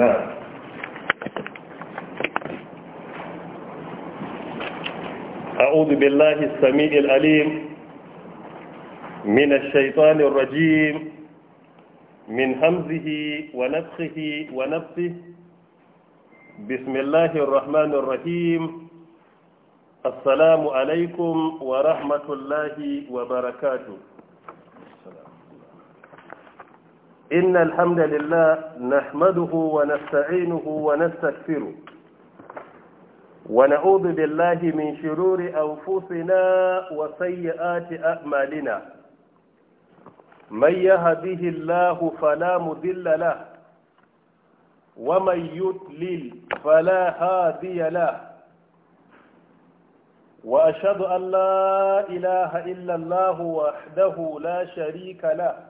الباب أعوذ بالله السميع العليم من الشيطان الرجيم من همزه ونفخه ونفسه بسم الله الرحمن الرحيم السلام عليكم ورحمة الله وبركاته إن الحمد لله نحمده ونستعينه ونستكفره ونعوذ بالله من شرور أنفسنا وسيئات أعمالنا من يهده الله فلا مذل له ومن يضلل فلا هادي له وأشهد أن لا إله إلا الله وحده لا شريك له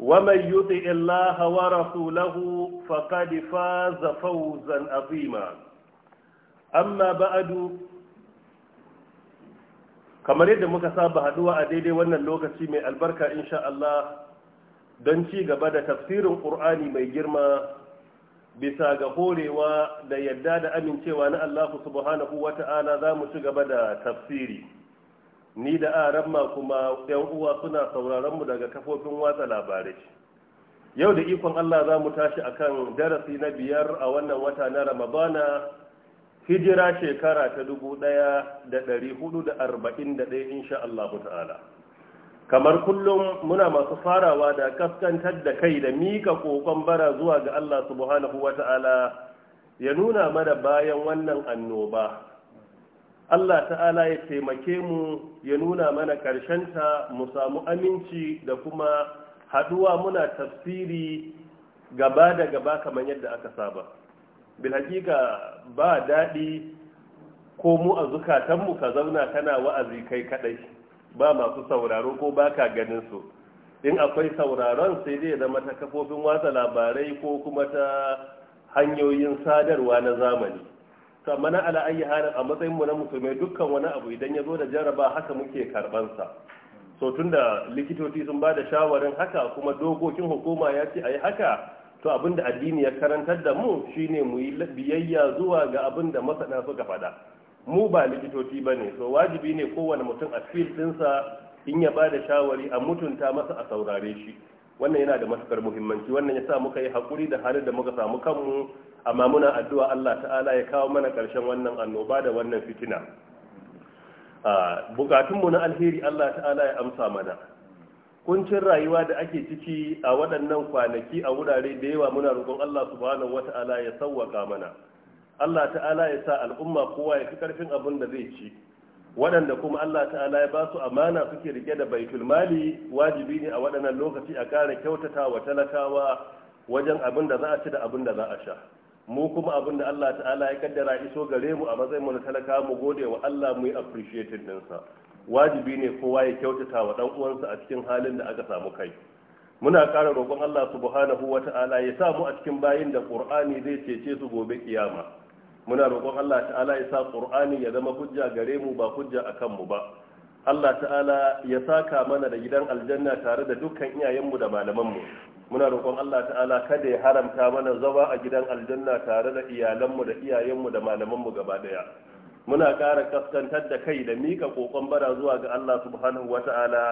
ومن يطع الله ورسوله فقد فاز فوزا عظيما أما بعد kamar yadda muka saba haduwa a daidai wannan lokaci mai albarka insha Allah don ci gaba da tafsirin Qur'ani mai girma bisa ga horewa da yadda da amincewa na Allah subhanahu wata'ala za mu ci gaba da tafsiri ni da aran kuma yan uwa suna sauraron mu daga kafofin watsa labarai yau da ikon Allah za mu tashi akan darasi na biyar a wannan wata na Ramadana hijira shekara ta 1441 insha Allah ta'ala kamar kullum muna masu farawa da kaskantar da kai da mika kokon bara zuwa ga Allah subhanahu wata'ala ya nuna mana bayan wannan annoba Allah ta'ala ya taimake mu ya nuna mana ƙarshen ta mu samu aminci da kuma haduwa muna tafsiri gaba da gaba kamar yadda aka saba bilhakika ba daɗi ko mu a zukatanmu ka zauna kana wa'azi kai kaɗai, ba masu sauraro ko baka ganin su in akwai sauraron sai dai zama ta kafofin watsa labarai ko kuma ta hanyoyin sadarwa na zamani to ala ayi halin a matsayin mu na musulmai dukkan wani abu idan ya zo da jaraba haka muke karban sa so tunda likitoci sun bada shawarin haka kuma dokokin hukuma ya ce ayi haka to abinda addini ya karantar da mu shine mu biyayya zuwa ga da masana suka faɗa mu ba likitoci ba ne so wajibi ne kowane mutum a field ɗinsa in ya bada shawari a mutunta masa a saurare shi wannan yana da matukar muhimmanci wannan ya sa muka yi haƙuri da halin da muka samu kanmu amma muna addu'a Allah ta'ala ya kawo mana ƙarshen wannan annoba da wannan fitina bukatunmu na alheri Allah ta'ala ya amsa mana kuncin rayuwa da ake ciki a waɗannan kwanaki a wurare da yawa muna roƙon Allah subhanahu wata'ala ya sauwaka mana Allah ta'ala ya sa al'umma kowa ya fi ƙarfin abin da zai ci waɗanda kuma Allah ta'ala ya ba su amana suke rike da baitul mali wajibi ne a waɗannan lokaci a kare kyautata wa talakawa wajen abin da za a ci da abin da za a sha mu kuma abin da Allah ta'ala ya kaddara iso gare mu a matsayin mu na talaka mu gode wa Allah mu yi din sa wajibi ne kowa ya kyautata wa dan uwansa a cikin halin da aka samu kai muna ƙara roƙon Allah subhanahu wata'ala ya sa mu a cikin bayin da Qur'ani zai cece su gobe kiyama muna roƙon Allah ta'ala ya sa Qur'ani ya zama hujja gare mu ba hujja akan mu ba Allah ta'ala ya saka mana da gidan aljanna tare da dukkan iyayenmu da malamanmu muna roƙon Allah ta'ala kada ya haramta mana zama a gidan aljanna tare da iyalanmu da iyayenmu da malamanmu gaba daya muna ƙara kaskantar da kai da mika kokon bara zuwa ga Allah subhanahu wata'ala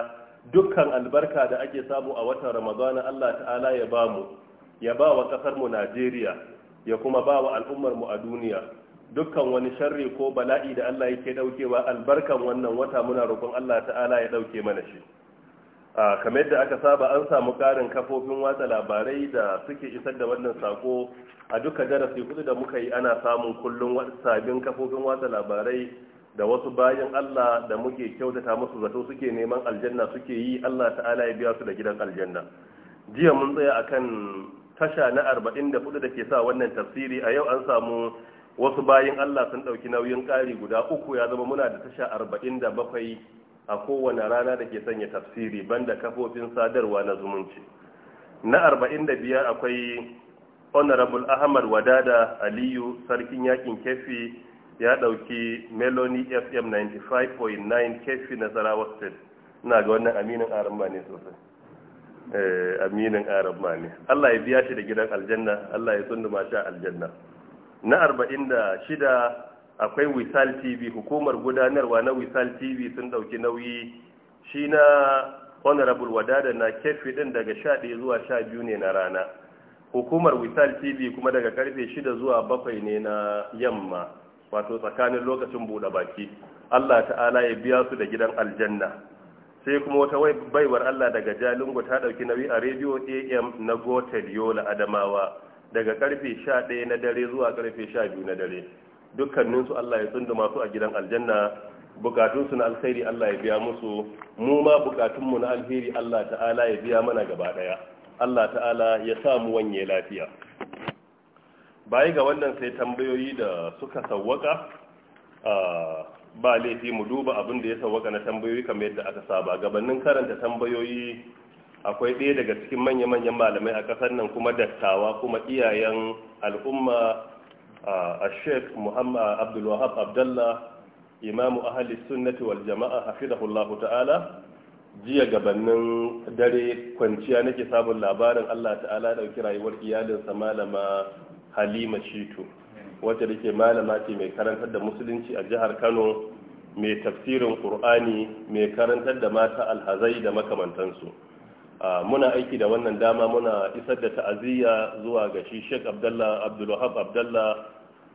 dukkan albarka da ake samu a watan Ramadan Allah ta'ala ya bamu ya ba wa kasar mu Najeriya ya kuma ba wa al'ummar mu a duniya dukkan wani sharri ko bala'i da Allah yake daukewa albarkan wannan wata muna roƙon Allah ta'ala ya dauke mana shi a kamar yadda aka saba an samu karin kafofin watsa labarai da suke isar da wannan sako a duka darasi kudu da muka yi ana samun kullum sabbin kafofin watsa labarai da wasu bayan Allah da muke kyautata musu zato suke neman aljanna suke yi Allah ta'ala ya biya su da gidan aljanna jiya mun tsaya akan tasha na arba'in da hudu da ke sa wannan tafsiri a yau an samu wasu bayan Allah sun ɗauki nauyin ƙari guda uku ya zama muna da tasha arba'in da bakwai a kowane rana da ke sanya tafsiri banda kafofin sadarwa na zumunci na arba'in da biyar akwai honorable ahmad wadada aliyu sarkin yakin kefi ya ɗauki meloni fm 95.9 kefi na zarawa state na ga wannan aminin aramba ne sosai Eh, aminin arab ma ne Allah ya biya shi da gidan aljanna Allah ya tsunduma shi aljanna na arba'in da shida akwai wisal tv hukumar gudanarwa na wisal tv sun dauki nauyi shi na honorable wadada na kefi din daga 11 zuwa 12 ne na rana hukumar wisal tv kuma daga karfe 6 zuwa 7 ne na yamma wato tsakanin lokacin buɗe baki Allah ta'ala ya biya su da gidan aljanna sai kuma wata baiwar Allah daga Jalingo ta dauki nauyi a Radio AM na Gotel Yola Adamawa daga karfe 11 na dare zuwa karfe 12 na dare dukkanin su Allah ya tsunda masu a gidan aljanna bukatun su na alkhairi Allah ya biya musu mu ma bukatun mu na alkhairi Allah ta'ala ya biya mana gaba daya Allah ta'ala ya sa mu wanye lafiya bayi ga wannan sai tambayoyi da suka sawwaka ah, ba laifi mu duba abin da ya sauwaka na tambayoyi kamar yadda aka saba gabanin karanta tambayoyi akwai ɗaya daga cikin manya-manyan malamai a ƙasar nan kuma dattawa kuma iyayen al'umma a sheikh muhammad abdulwahab abdallah imamu ahali sunnati wal jama'a hafizahullahu ta'ala jiya gabanin dare kwanciya nake sabon labarin allah ta'ala ɗauki rayuwar iyalinsa malama halima shitu wacce da ke malama ce mai karantar da musulunci a jihar kano mai tafsirin ƙur'ani mai karantar da mata alhazai da makamantansu muna aiki da wannan dama muna isar da ta'aziyya zuwa ga shi sheik Abdul abdulwahab abdullah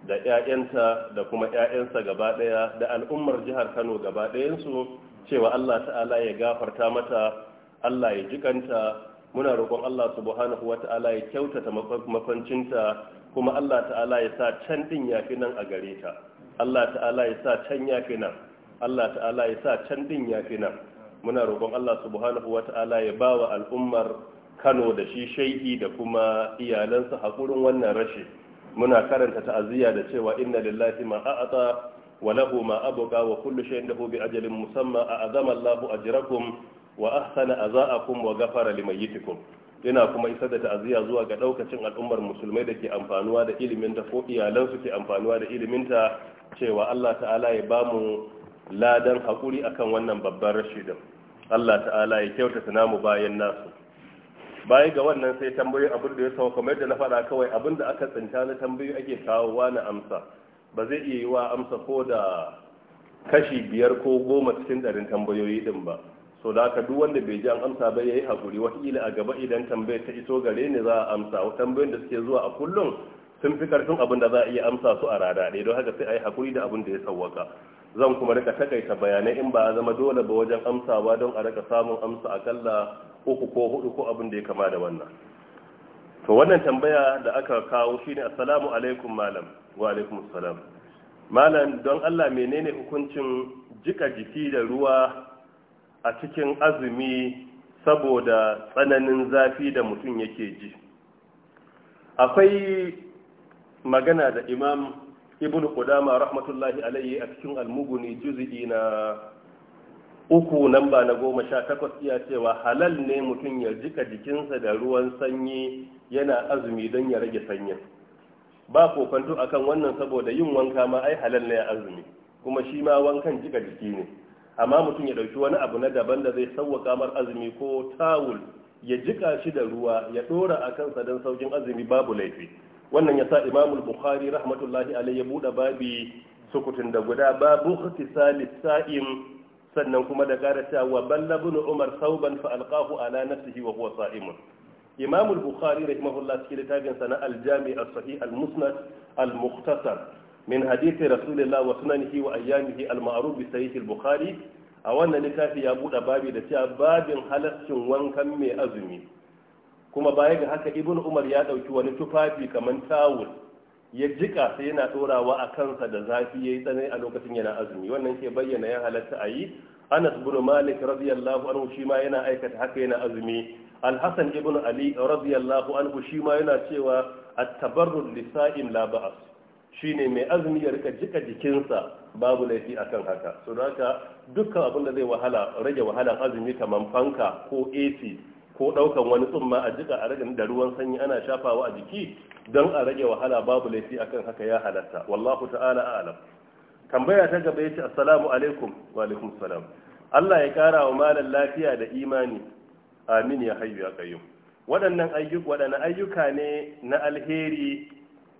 da 'ya'yanta da kuma 'ya'yansa gaba ɗaya da al'ummar jihar kano gaba ɗayansu cewa allah ta'ala ya gafarta mata allah ya jikanta muna roƙon allah subhanahu wa ta'ala ya kyautata mafancinta kuma Allah ta'ala ya sa can din yafi nan a gare ta Allah ta'ala ya sa can yafi nan Allah ta'ala ya sa can din yafi nan muna roƙon Allah subhanahu Ta'ala ya ba wa al'ummar Kano da shi shaidi da kuma iyalansa hakurin wannan rashi muna karanta ta'aziyya da cewa inna lillahi ma a'ata wa lahu ma abqa wa kullu shay'in lahu bi ajalin musamma a'azama Allahu ajrakum wa ahsana azaakum wa ghafara limayyitikum yana kuma isar da ta'aziyya zuwa ga daukacin al'ummar musulmai da ke amfanuwa da ilimin ta ko iyalansu ke amfanuwa da ilimin ta cewa Allah ta'ala ya ba mu ladan hakuri akan wannan babban rashidin Allah ta'ala ya kyauta kyautata namu bayan nasu baya ga wannan sai tambayoyi abin da ya sauka kamar da na faɗa kawai abin da aka tsinta na tambayoyi ake kawowa na amsa ba zai iya yi wa amsa ko da kashi biyar ko goma cikin ɗarin tambayoyi din ba so da haka duk wanda bai ji an amsa ba yayi hakuri kila a gaba idan tambayar ta iso gare ni za a amsa tambayoyin da suke zuwa a kullum sun fi karfin abin da za a iya amsa su a rada ɗaya don haka sai a yi hakuri da abin da ya sauwaka zan kuma rika takaita bayanai in ba a zama dole ba wajen amsawa don a rika samun amsa akalla uku ko hudu ko abin da ya kama da wannan to wannan tambaya da aka kawo shine assalamu alaikum malam wa alaikum assalam malam don Allah menene hukuncin jika jiki da ruwa a cikin azumi saboda tsananin zafi da mutum yake ji akwai magana da imam ibn qudama rahmatullahi alayhi a cikin almuguni juz'i na uku namba na goma sha takwas iya cewa halal ne mutum ya jika jikinsa da ruwan sanyi yana azumi don ya rage sanyin ba kofanto akan wannan saboda yin wanka ma ai halal ne a azumi kuma shi ma wankan jika jiki ne amma mutum ya ɗauki wani abu na daban da zai sauwaka kamar azumi ko tawul ya jika shi da ruwa ya ɗora a kansa don saukin azumi babu laifi wannan ya sa imamul bukhari rahmatullahi alaihi ya buɗe babi sukutun da guda babu ikhtisali sa'im sannan kuma da ƙara cewa balla bin umar sauban fa alqahu ala nafsihi wa huwa sa'imun imamul bukhari rahimahullah cikin littafin sana na aljami as-sahih al-musnad al-mukhtasar min hadisi rasulillah wa sunanihi wa ayyamihi al-ma'ruf bi sahih al-bukhari a wannan littafi ya buɗe babi da cewa babin halaccin wankan mai azumi kuma baya ga haka ibn umar ya ɗauki wani tufafi kamar tawul ya jika sai yana dorawa a kansa da zafi ya yi tsanani a lokacin yana azumi wannan ke bayyana ya halatta a yi anas bin malik radiyallahu anhu shi ma yana aikata haka yana azumi alhassan ibn ali radiyallahu anhu shi ma yana cewa at-tabarrud lisa'im la ba'as Shi ne mai azumi ya rika jika jikinsa babu laifi akan haka so haka dukkan abin da zai wahala rage wahalan azumi kamar fanka ko AC ko daukan wani tsumma a jika a rage da ruwan sanyi ana shafawa a jiki don a rage wahala babu laifi akan haka ya halatta wallahu ta'ala a'lam tambaya ta gaba yace assalamu alaikum wa alaikum salam Allah ya kara wa malam lafiya da imani amin ya hayyu ya qayyum waɗannan ayyuka ayyuka ne na alheri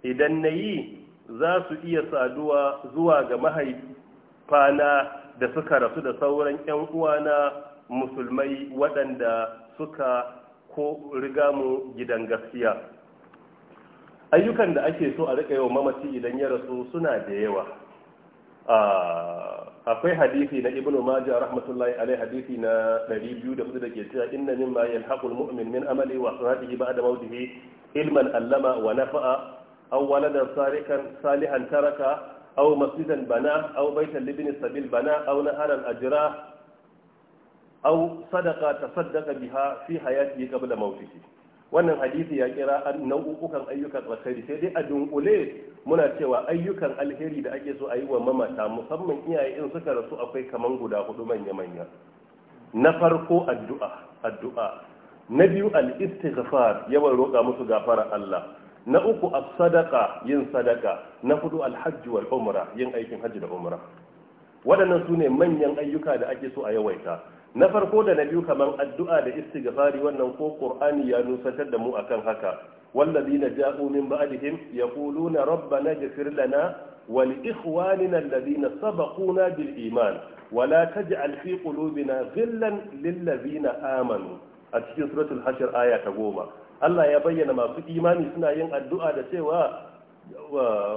idan nayi za su iya saduwa zuwa ga mahaifana da suka rasu da sauran 'yan uwana musulmai waɗanda suka ko riga mu gidan gaskiya ayyukan da ake so a riƙa yawan mamaci idan ya rasu suna da yawa akwai hadisi na ibnu majah rahmatullahi alaihi hadisi na 200 da ke cewa inna mimma yalhaqul mu'min min amali wa salatihi ba'da mawtihi ilman allama wa nafa'a أو ولدا صالحا salihan taraka أو مسجدا bana أو بيتا libni السبيل bana أو naharan ajra أو صدقة تصدق biha fi حياته قبل موته wannan hadisi ya kira nau'ukan ayyukan alkhairi sai dai a dunkule muna cewa ayyukan alheri da ake so a yi wa mamata musamman iyaye in suka rasu akwai kaman guda hudu manya-manya na farko addu'a addu'a na biyu al-istighfar yawan roƙa musu gafara Allah na uku a sadaka yin sadaka na hudu alhajji wal yin aikin hajji da umra waɗannan sune manyan ayyuka da ake so a yawaita na farko da na biyu kamar addu'a da istighfari wannan ko qur'ani ya nusantar da mu akan haka wallazina ja'u min ba'dihim yaquluna rabbana ighfir lana wa li ikhwanina alladhina sabaquna bil iman wa la taj'al fi qulubina ghillan lil ladhina amanu a cikin suratul hashr aya ta goma. Allah ya bayyana masu imani suna yin addu'a da cewa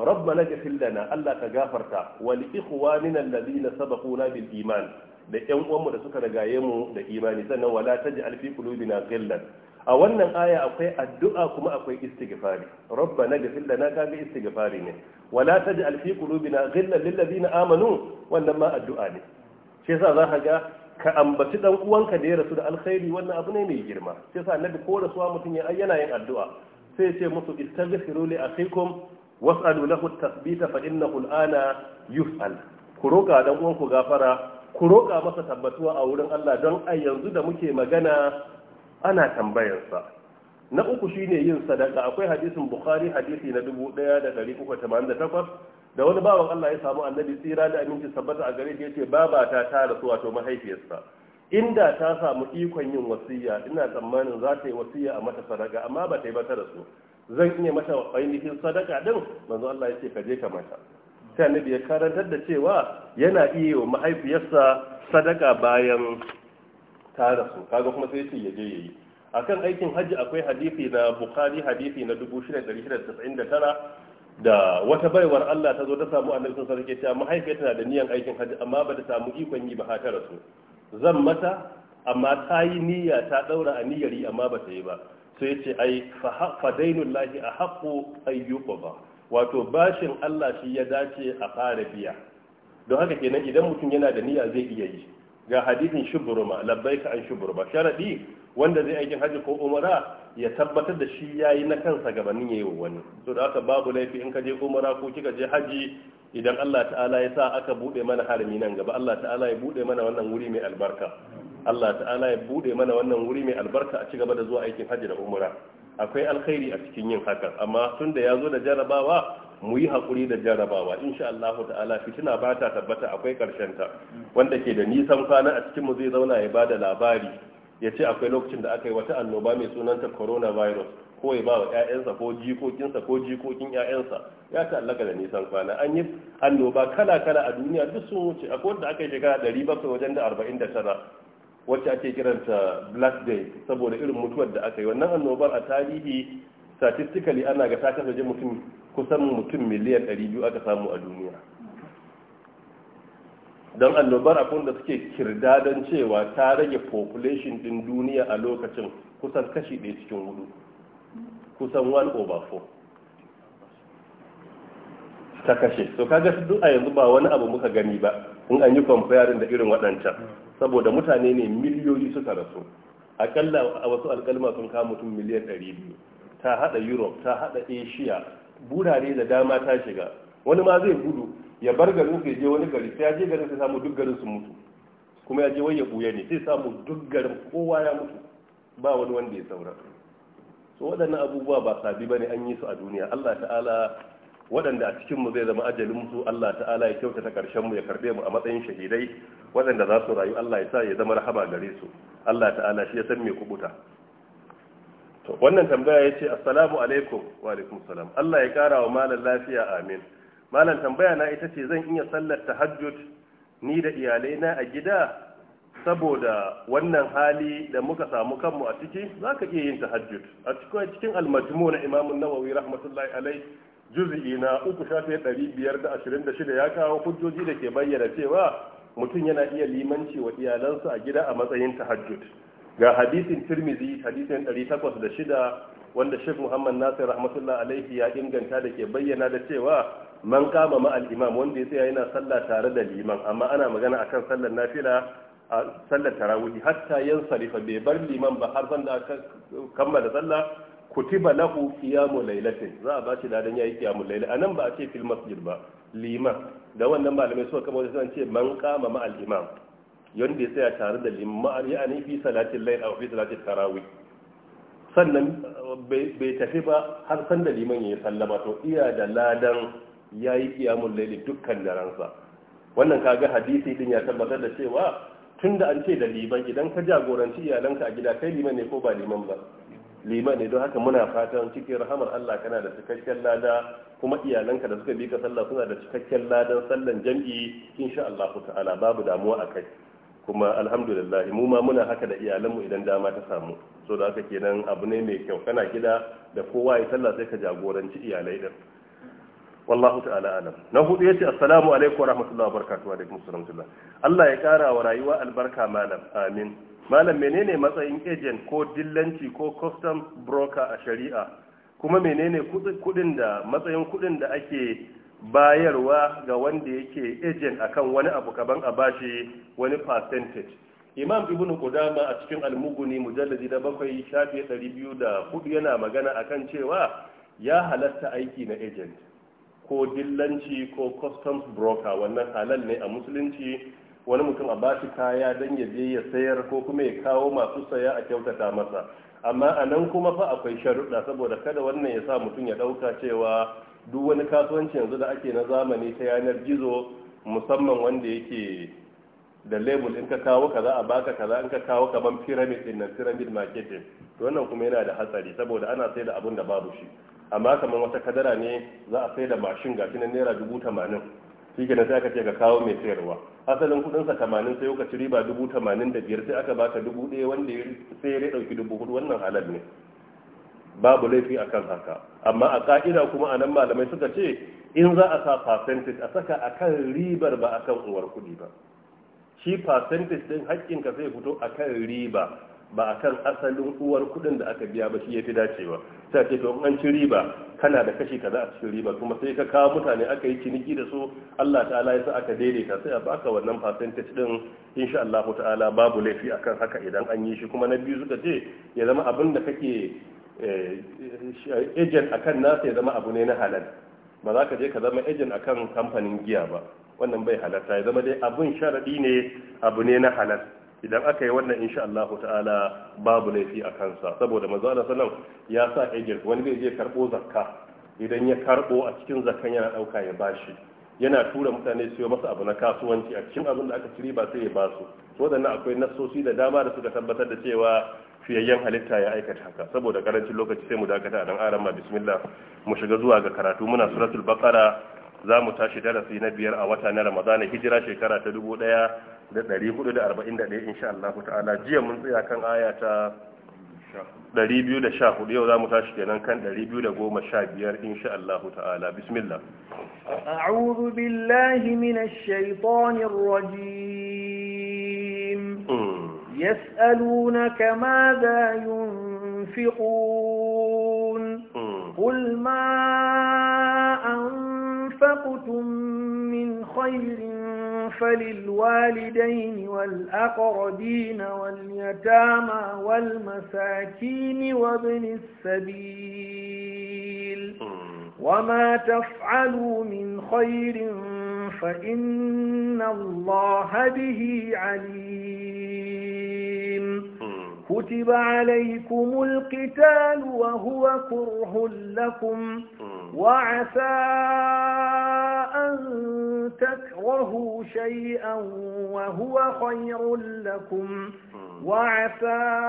rabbana ghfir lana Allah ka gafarta wal ikhwanina alladhina sabaquna bil iman da yan uwanmu da suka ragaye mu da imani sannan wala taj'al fi qulubina ghillan a wannan aya akwai addu'a kuma akwai istighfari rabbana ghfir lana kaga istighfari ne wala taj'al fi qulubina ghillan lil ladina amanu wannan ma addu'a ne shi yasa za ka ga ka ambaci dan uwanka da ya rasu da alkhairi wannan abu ne mai girma sai sa annabi ko rasuwa mutum ya ayyana yin addu'a sai ya ce musu istaghfiru li akhikum was'alu lahu at-tathbita fa innahu al-ana yuf'al ku roƙa dan uwanku gafara ku roƙa masa tabbatuwa a wurin Allah don a yanzu da muke magana ana tambayarsa na uku shine yin sadaka akwai hadisin bukhari hadisi na 1388 da wani bawan Allah ya samu annabi tsira da aminci sabbata a gare shi yace baba ta ta rasu wato mahaifiyarsa inda ta samu ikon yin wasiya ina tsammanin za ta yi wasiya a mata sadaka amma ba ta yi ba ta rasu zan iya mata ainihin sadaka din manzo Allah yace ka je ka mata sai annabi ya karantar da cewa yana iya wa mahaifiyarsa sadaka bayan ta rasu kaga kuma sai yace ya je yayi akan aikin hajji akwai hadisi na bukhari hadisi na 6699 da wata baiwar Allah ta zo ta samu annabi sun sarki ta mahaifiya tana da niyan aikin hajji amma ba ta samu ikon yi ba ha ta rasu zan mata amma ta yi niyya ta daura a niyyari amma ba ta yi ba sai yace ai fa dainullahi a haqqu ayyuba wato bashin Allah shi ya dace a fara biya don haka kenan idan mutum yana da niyya zai iya yi ga hadisin shuburma labbaika an shuburma sharadi wanda zai aikin hajji ko umara ya tabbatar da shi yayi na kansa gabanin yayi wani so da aka babu laifi in ka je umara ko kika je hajji idan Allah ta'ala ya sa aka bude mana harami nan gaba Allah ta'ala ya bude mana wannan wuri mai albarka Allah ta'ala ya bude mana wannan wuri mai albarka a ci gaba da zuwa aikin hajji da umara akwai alkhairi a cikin yin haka amma tun da ya zo da jarabawa mu yi haƙuri da jarabawa insha Allah ta'ala fitina ba ta tabbata akwai karshen ta wanda ke da nisan kwana a cikin mu zai zauna ya bada labari ya ce akwai lokacin da aka yi wata annoba mai sunanta coronavirus ko ya ba wa 'ya'yansa ko jikokinsa ko jikokin 'ya'yansa ya ta'allaka da nisan kwana an yi annoba kala-kala a duniya duk sun wuce akwai wanda aka yi shekara 700 wajen da tara wacce ake kiranta black day saboda irin mutuwar da aka yi wannan annobar a tarihi statistically ana ga ta kasance mutum kusan mutum miliyan 200 aka samu a duniya don annobar abin da suke kirda cewa ta rage population din duniya a lokacin kusan kashi ɗaya cikin hudu kusan 1 over 4 ta kashe so kaga duk a yanzu ba wani abu muka gani ba in an yi comparing da irin waɗancan saboda mutane ne miliyoyi suka rasu akalla a wasu alkalma sun kama mutum miliyan 200 ta haɗa europe ta haɗa asia burare da dama ta shiga wani ma zai gudu ya bar garin su ya je wani gari sai ya je garin sai samu duk garin su mutu kuma ya je wani ya buya ne sai samu duk garin kowa ya mutu ba wani wanda ya saura so waɗannan abubuwa ba sabi ne an yi su a duniya Allah ta'ala waɗanda a cikin mu zai zama ajalin su Allah ta'ala ya kyautata karshen mu ya karbe mu a matsayin shahidai waɗanda za su rayu Allah ya sa ya zama rahama gare su Allah ta'ala shi ya san me kubuta to wannan tambaya yace assalamu alaikum wa alaikum salam Allah ya kara wa Malam lafiya amin malam tambaya na ita ce zan iya sallar tahajjud ni da iyalai na a gida saboda wannan hali da muka samu kanmu a ciki za ka iya yin tahajjud a cikin cikin almajmu na imamun nawawi rahmatullahi alai juz'i na uku shafi ɗari biyar da ashirin da shida ya kawo hujjoji da ke bayyana cewa mutum yana iya limanci wa iyalansa a gida a matsayin tahajjud ga hadisin tirmizi hadisin ɗari takwas da shida wanda Sheikh Muhammad Nasir rahmatullah alaihi ya inganta da ke bayyana da cewa man kama ma al wanda ya tsaya yana sallah tare da liman amma ana magana akan sallar nafila a sallar tarawihi hatta yan sarifa bai bar liman ba har sanda aka kammala sallah kutiba lahu qiyamul lailatin za a bashi dan yayi qiyamul layl anan ba a ce fil masjid ba liman da wannan malamai suka kama wajen sun ce man kama ma al-imam yanda ya tsaya tare da liman ma'ani fi aw fi sannan bai tafi ba har sanda liman ya yi sallama to iya da ladan ya yi kiyamun laili dukkan daransa wannan ka ga hadisi din ya tabbatar da cewa tun da an ce da liman idan ka jagoranci iyalanka a gida kai liman ne ko ba liman ba liman ne don haka muna fatan cikin rahamar Allah kana da cikakken lada kuma iyalanka da suka bi ka sallah suna da cikakken ladan sallan jam'i insha Allah ta'ala babu damuwa a kai. kuma alhamdulillah mu ma muna haka da iyalanmu idan dama ta samu so da haka kenan abu ne mai kyau kana gida da kowa ya sallah sai ka jagoranci iyalai din wallahu ta'ala alam na hudu yace assalamu alaikum wa wabarakatuh wa alaikum assalam Allah ya kara wa rayuwa albarka malam amin malam menene matsayin agent ko dillanci ko custom broker a shari'a kuma menene kudin da matsayin kudin da ake bayarwa ga wanda yake a kan wani abu kaban a bashi wani percentage imam ibn qudama a cikin almuguni mujalladi da bakwai shafi 204 yana magana akan cewa ya halatta aiki na agent ko dillanci ko customs broker wannan halal ne a musulunci wani mutum a bashi kaya don ya je ya sayar ko kuma ya kawo masu saya a kyautata masa amma a nan kuma fa akwai sharuɗa saboda kada wannan ya sa mutum ya ɗauka cewa duk wani kasuwanci yanzu da ake na zamani ta yanar gizo musamman wanda yake da label in ka kawo kaza a baka kaza in ka kawo kaman pyramid din nan pyramid marketing to wannan kuma yana da hatsari saboda ana sai da abun da babu shi amma kamar wata kadara ne za a sai da mashin ga shi naira dubu tamanin shi kenan sai aka ce ka kawo mai sayarwa asalin kudinsa tamanin sai ka ci riba dubu tamanin da biyar sai aka baka dubu ɗaya wanda sai ya ɗauki dubu hudu wannan halal ne babu laifi akan haka amma a ka'ida kuma a nan malamai suka ce in za a sa percentage a saka a kan ribar ba a kan uwar kuɗi ba shi percentage din haƙƙinka zai fito a kan riba ba a kan asalin uwar kuɗin da aka biya ba shi ya fi dacewa ta ce to an ci riba kana da kashi kaza a cikin riba kuma sai ka kawo mutane aka yi ciniki da su Allah ta'ala ya sa aka daidaita sai a baka wannan percentage din insha Allah ta'ala babu laifi akan haka idan an yi shi kuma na biyu suka ce ya zama abin da kake Eh, agent akan nasa ya zama abu ne na halal ba za ka je ka zama agent akan kamfanin giya ba wannan bai halatta ya zama dai abun sharaɗi ne abu ne na halal idan aka yi wannan insha Allah ta'ala babu laifi a kansa saboda maza da sallam ya sa agent wani zai je karɓo zakka idan ya karɓo a cikin zakkan yana ɗauka ya bashi yana tura mutane siyo masa abu na kasuwanci a cikin abin da aka ciri ba sai ya basu waɗannan akwai nasosi da dama da suka tabbatar da cewa fiyayyen halitta ya aikata haka saboda karancin lokaci sai mu dakata a nan arama bismillah mu shiga zuwa ga karatu muna suratul baqara za mu tashi darasi na biyar a wata na ramadana hijira shekara ta 1441 insha Allah ta'ala jiya mun tsaya kan aya ta 214 yau za mu tashi kenan kan 215 insha Allah ta'ala bismillah a'udhu billahi minash shaitanir rajim hmm. يسألونك ماذا ينفقون قل ما أنفقتم من خير فللوالدين والأقربين واليتامى والمساكين وابن السبيل وما تفعلوا من خير فإن الله به عليم كتب عليكم القتال وهو كره لكم وعسى أن تكرهوا شيئا وهو خير لكم وعسى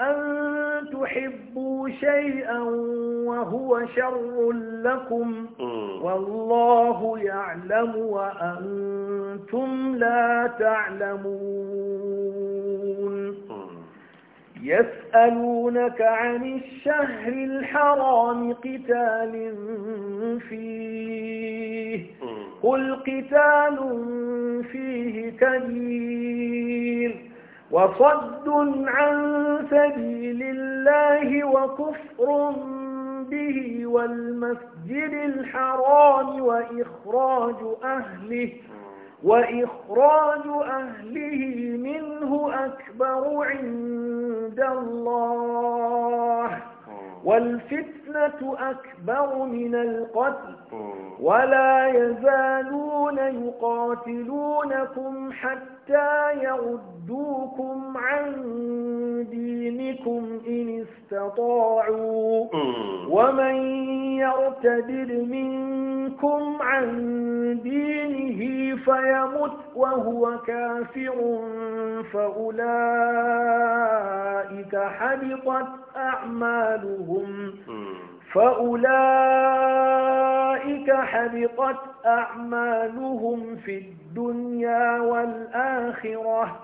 أن تحبوا شيئا وهو شر لكم والله يعلم وأنتم لا تعلمون يسألونك عن الشهر الحرام قتال فيه قل قتال فيه كبير وصد عن سبيل الله وكفر به والمسجد الحرام وإخراج أهله وإخراج أهله منه أكبر عند الله آه. والفتنة أكبر من القتل آه. ولا يزالون يقاتلونكم حتى حتى يردوكم عن دينكم إن استطاعوا ومن يرتد منكم عن دينه فيمت وهو كافر فأولئك حبطت أعمالهم فأولئك حبطت أعمالهم في الدنيا والآخرة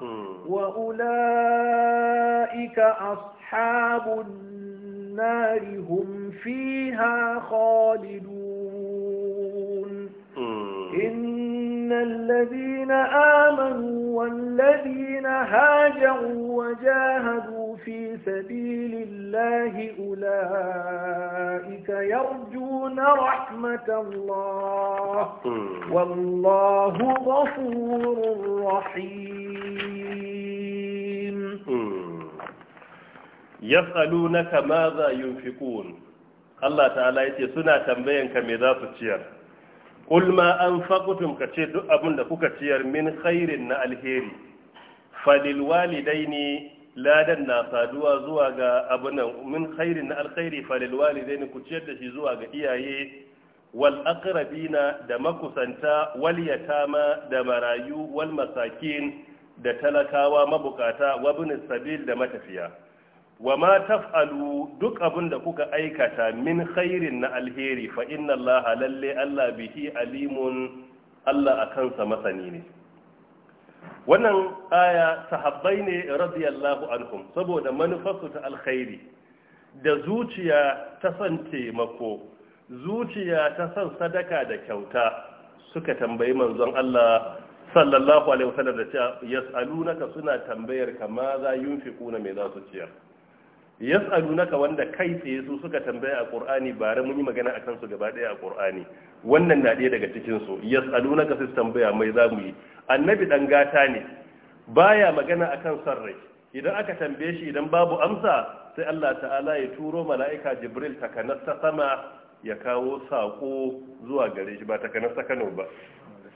وأولئك أصحاب النار هم فيها خالدون إن الذين آمنوا والذين هاجروا وجاهدوا في سبيل الله أولئك يرجون رحمة الله والله غفور رحيم يسألونك ماذا ينفقون Allah ta'ala ya ce suna tambayanka me za su ciyar ƙul ma an faƙutum ka ce duk abin da kuka ciyar min khairin na alheri falil walidai ne ladan na saduwa zuwa ga abunan min khairin na alkhairi falil walidaini ku ciyar da shi zuwa ga iyaye wal aqrabina da makusanta wal yatama da marayu wal masakin da talakawa mabukata wa bin sabil da matafiya wa ma taf'alu duk abin da kuka aikata min khairin na alheri fa inna allaha lalle allah bihi alimun allah akansa masani ne wannan aya sahabbai ne radiyallahu anhum saboda manufarsu ta alkhairi da zuciya ta san taimako zuciya ta san sadaka da kyauta suka tambayi manzon Allah sallallahu alaihi wasallam da cewa yas'alunaka suna tambayar ka ma za yunfiquna me za su ciyar yas'alunaka wanda kai tsaye su suka tambaya a Qur'ani bare mun yi magana akan su gaba daya a Qur'ani wannan na daya daga cikin su yas'alunaka su tambaya mai za mu yi annabi dan gata ne baya magana akan son rai idan aka tambaye shi idan babu amsa sai Allah ta'ala ya turo mala'ika Jibril takanasta sama ya kawo sako zuwa gare shi ba takanasta Kano ba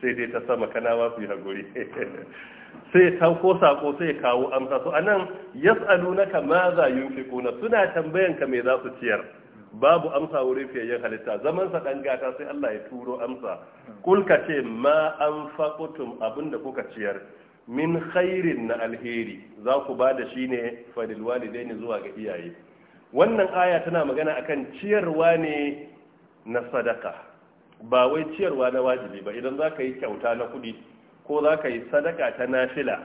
sai dai ta sama kanawa su yi haguri sai ko sako sai kawo amsa su anan yas'alunaka ma za yunfiquna suna tambayan ka me za su ciyar babu amsa wurin fiye halitta zaman sa dan gata sai Allah ya turo amsa kul ka ce ma faqutum abinda kuka ciyar min khairin na alheri za ku ba da shi ne walidai walidaini zuwa ga iyaye wannan aya tana magana akan ciyarwa ne na sadaka ba wai ciyarwa na wajibi ba idan za ka yi kyauta na kuɗi ko za ka yi sadaka ta nafila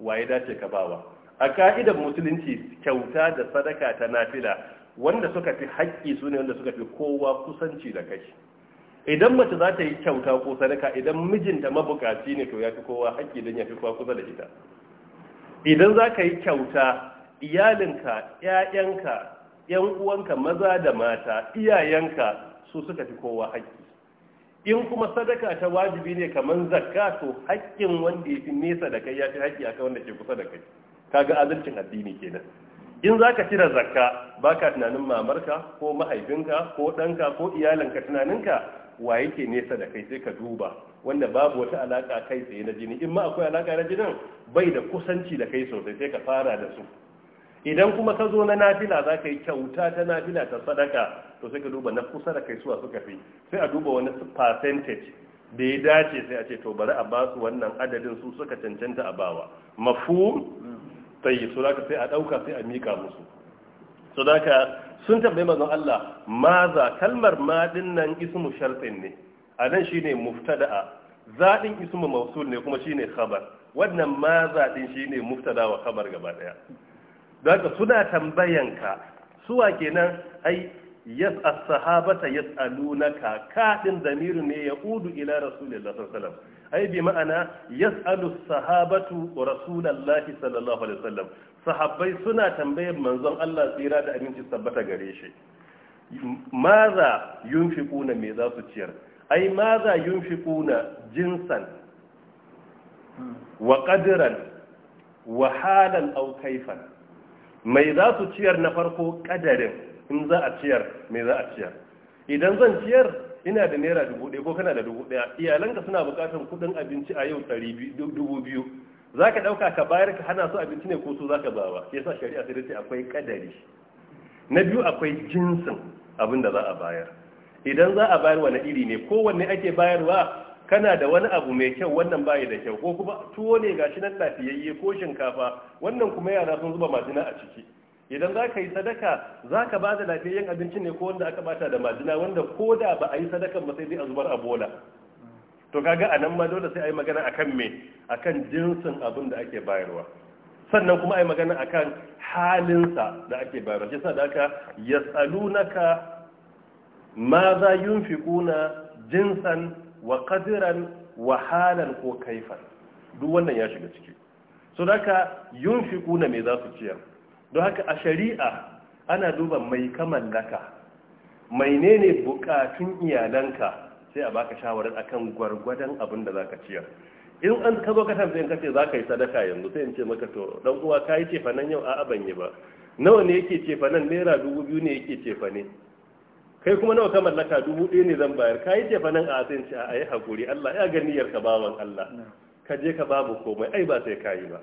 waye dace ka bawa a ka'idar musulunci kyauta da sadaka ta nafila wanda suka fi haƙƙi su ne wanda suka fi kowa kusanci da kai idan mace za ta yi kyauta ko sadaka idan mijinta mabukaci ne to ya fi kowa haƙƙi don ya fi kowa kusa da ita idan za ka yi kyauta iyalinka 'ya'yanka 'yan uwanka maza da mata iyayenka su suka fi kowa haƙƙi in kuma sadaka ta wajibi ne kamar zakka to haƙƙin wanda ya fi nesa da kai ya fi haƙƙi akan wanda ke kusa da kai kaga adalcin addini kenan in za ka cire zakka ba ka tunanin mamarka ko mahaifinka ko ɗanka ko iyalinka tunaninka wa yake nesa da kai sai ka duba wanda babu wata alaka kai tsaye na jini in ma akwai alaka na jinin bai da kusanci da kai sosai sai ka fara da su idan kuma ka zo na nafila za ka yi kyauta ta nafila ta sadaka to sai ka duba na kusa da kai suwa suka fi sai a duba wani percentage da ya dace sai a ce to bari a basu wannan adadin su suka cancanta a bawa mafhum tayyib so zaka sai a dauka sai a mika musu so zaka sun tambaye manzon Allah maza kalmar ma nan ismu shartin ne anan shine muftada'a zadin ismu mawsul ne kuma shine khabar wannan maza din shine muftada wa khabar gaba daya zaka suna tambayanka suwa kenan ai yas as-sahabata yas'alunaka ka din zamiru ne ya udu ila rasulillahi sallallahu alaihi wasallam ai bi ma'ana yas'alu sahabatu rasulullahi sallallahu alaihi wasallam sahabbai suna tambayar manzon Allah tsira da aminci sabbata gare shi maza yunfiquna me za su ciyar ai maza yunfiquna jinsan wa qadran wa halan aw kaifan me za su ciyar na farko kadarin in za a ciyar me za a ciyar idan zan ciyar ina da naira dubu ɗaya ko kana da dubu ɗaya iyalanka suna buƙatar kuɗin abinci a yau ɗari dubu biyu za ka ɗauka ka bayar ka hana su abinci ne ko su za ka bawa ke sa shari'a sai ce akwai ƙadari na biyu akwai jinsin abin da za a bayar idan za a bayar wani iri ne kowanne ake bayarwa kana da wani abu mai kyau wannan bayi da kyau ko kuma tuwo ne ga shi nan lafiyayye ko shinkafa wannan kuma yara sun zuba majina a ciki idan za ka yi sadaka za ka ba da lafiyayyen abinci ne ko wanda aka bata da majina wanda ko da ba a yi sadakan ba sai dai a zubar a bola to kaga a nan ma dole sai a yi magana akan me kan jinsin abin da ake bayarwa sannan kuma a yi magana a kan halinsa da ake bayarwa shi da aka ka ma za yunfiquna jinsan wa kadiran wa halan ko kaifan duk wannan ya shiga ciki so da ka yunfiquna me za su ciyar don haka a shari'a ana duba mai ka mallaka mai ne ne bukatun iyalanka sai a baka shawarar akan gwargwadon abin da za ka ciyar in an ka zo ka za ka zaka yi sadaka yanzu sai in ce maka to dan uwa kai ce fa nan yau a'a ban yi ba nawa ne yake ce fa nan naira dubu biyu ne yake ce fa ne kai kuma nawa ka mallaka dubu ɗaya ne zan bayar kai ce fa nan a sai in ce a yi hakuri Allah ya ga niyyar ka bawan Allah ka je ka babu komai ai ba sai kayi ba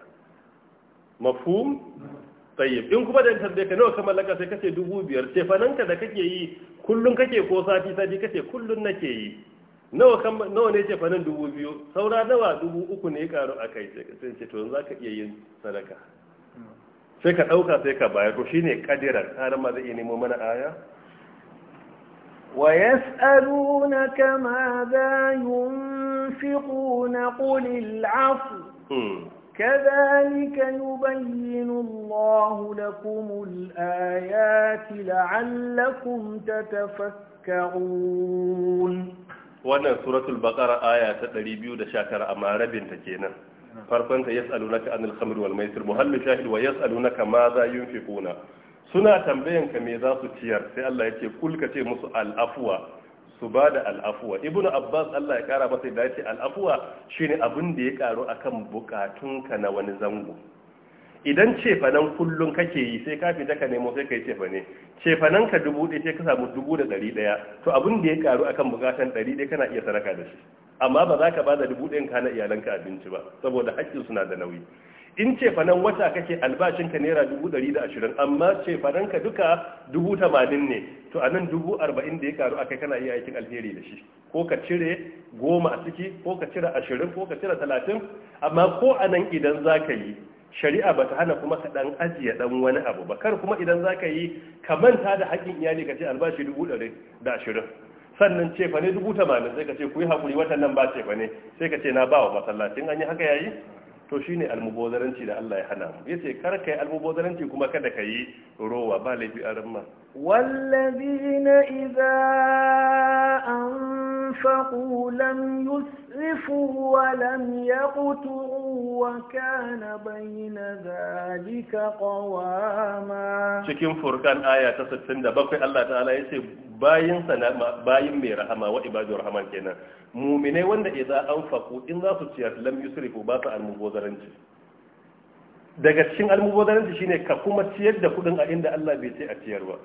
mafhum tayyib in kuma da tambaye ka nawa ka mallaka sai kace dubu biyar ce fananka da kake yi kullun kake ko sati sati kace kullun nake yi nawa nawa ne ce fanan dubu biyu saura nawa dubu uku ne karu a kai sai ce to za ka iya yin sadaka sai ka dauka sai ka bayar to shine kadira har ma zai nemo mana aya ويسألونك ماذا ينفقون قل العفو hmm. كذلك يبين الله لكم الآيات لعلكم تتفكرون wannan suratul baqara aya ta 219 amma rabinta kenan farkon ta yas'alunaka anil khamri wal maisir muhallu shahid wa yas'alunaka ma za yunfiquna suna tambayan ka me za su ciyar sai Allah yace kulka ce musu al afwa su ba da al'afuwa ibnu abbas allah ya kara masa ce al'afuwa shine abin da ya karu akan bukatunka na wani zango idan cefanen kullum kake yi sai ka fita ka nemo sai kai cefane cefanen ka dubu ɗaya sai ka samu dubu da ɗari ɗaya to abin da ya karu akan bukatan ɗari ɗaya kana iya saraka da shi amma ba za ka ba da dubu ɗayan kana iyalanka abinci ba saboda hakkin suna da nauyi in ce fanan wata kake albashinka naira dubu ɗari da ashirin amma ce fananka duka dubu tamanin ne to a nan dubu arba'in da ya karu aka kana yi aikin alheri da shi ko ka cire goma a ciki ko ka cire ashirin ko ka cire talatin amma ko a nan idan za ka yi shari'a ba ta hana kuma ka ɗan ajiye ɗan wani abu ba kar kuma idan za ka yi ka manta da haƙƙin iyali ka ce albashi dubu ɗari da ashirin sannan ce fa ne dubu tamanin sai ka ce ku yi hakuri watan nan ba ce fa ne sai ka ce na ba wa masallacin an yi haka yayi to shine almubazaranci da Allah ya hana mu yace kar kai almubazaranci kuma kada ka yi rowa ba laifi a ran ma wallazina idza an أنفقوا لم يسرفوا ولم يقتروا وكان بين ذلك قواما cikin furkan aya ta 67 Allah ta'ala yace bayin sana bayin mai rahama wa ibadur rahman kenan mu'minai wanda idan an anfaqu in za su ciyar lam yusrifu ba su almubazaranci daga cikin almubazaranci shine ka kuma ciyar da kudin a inda Allah bai ce a ciyarwa.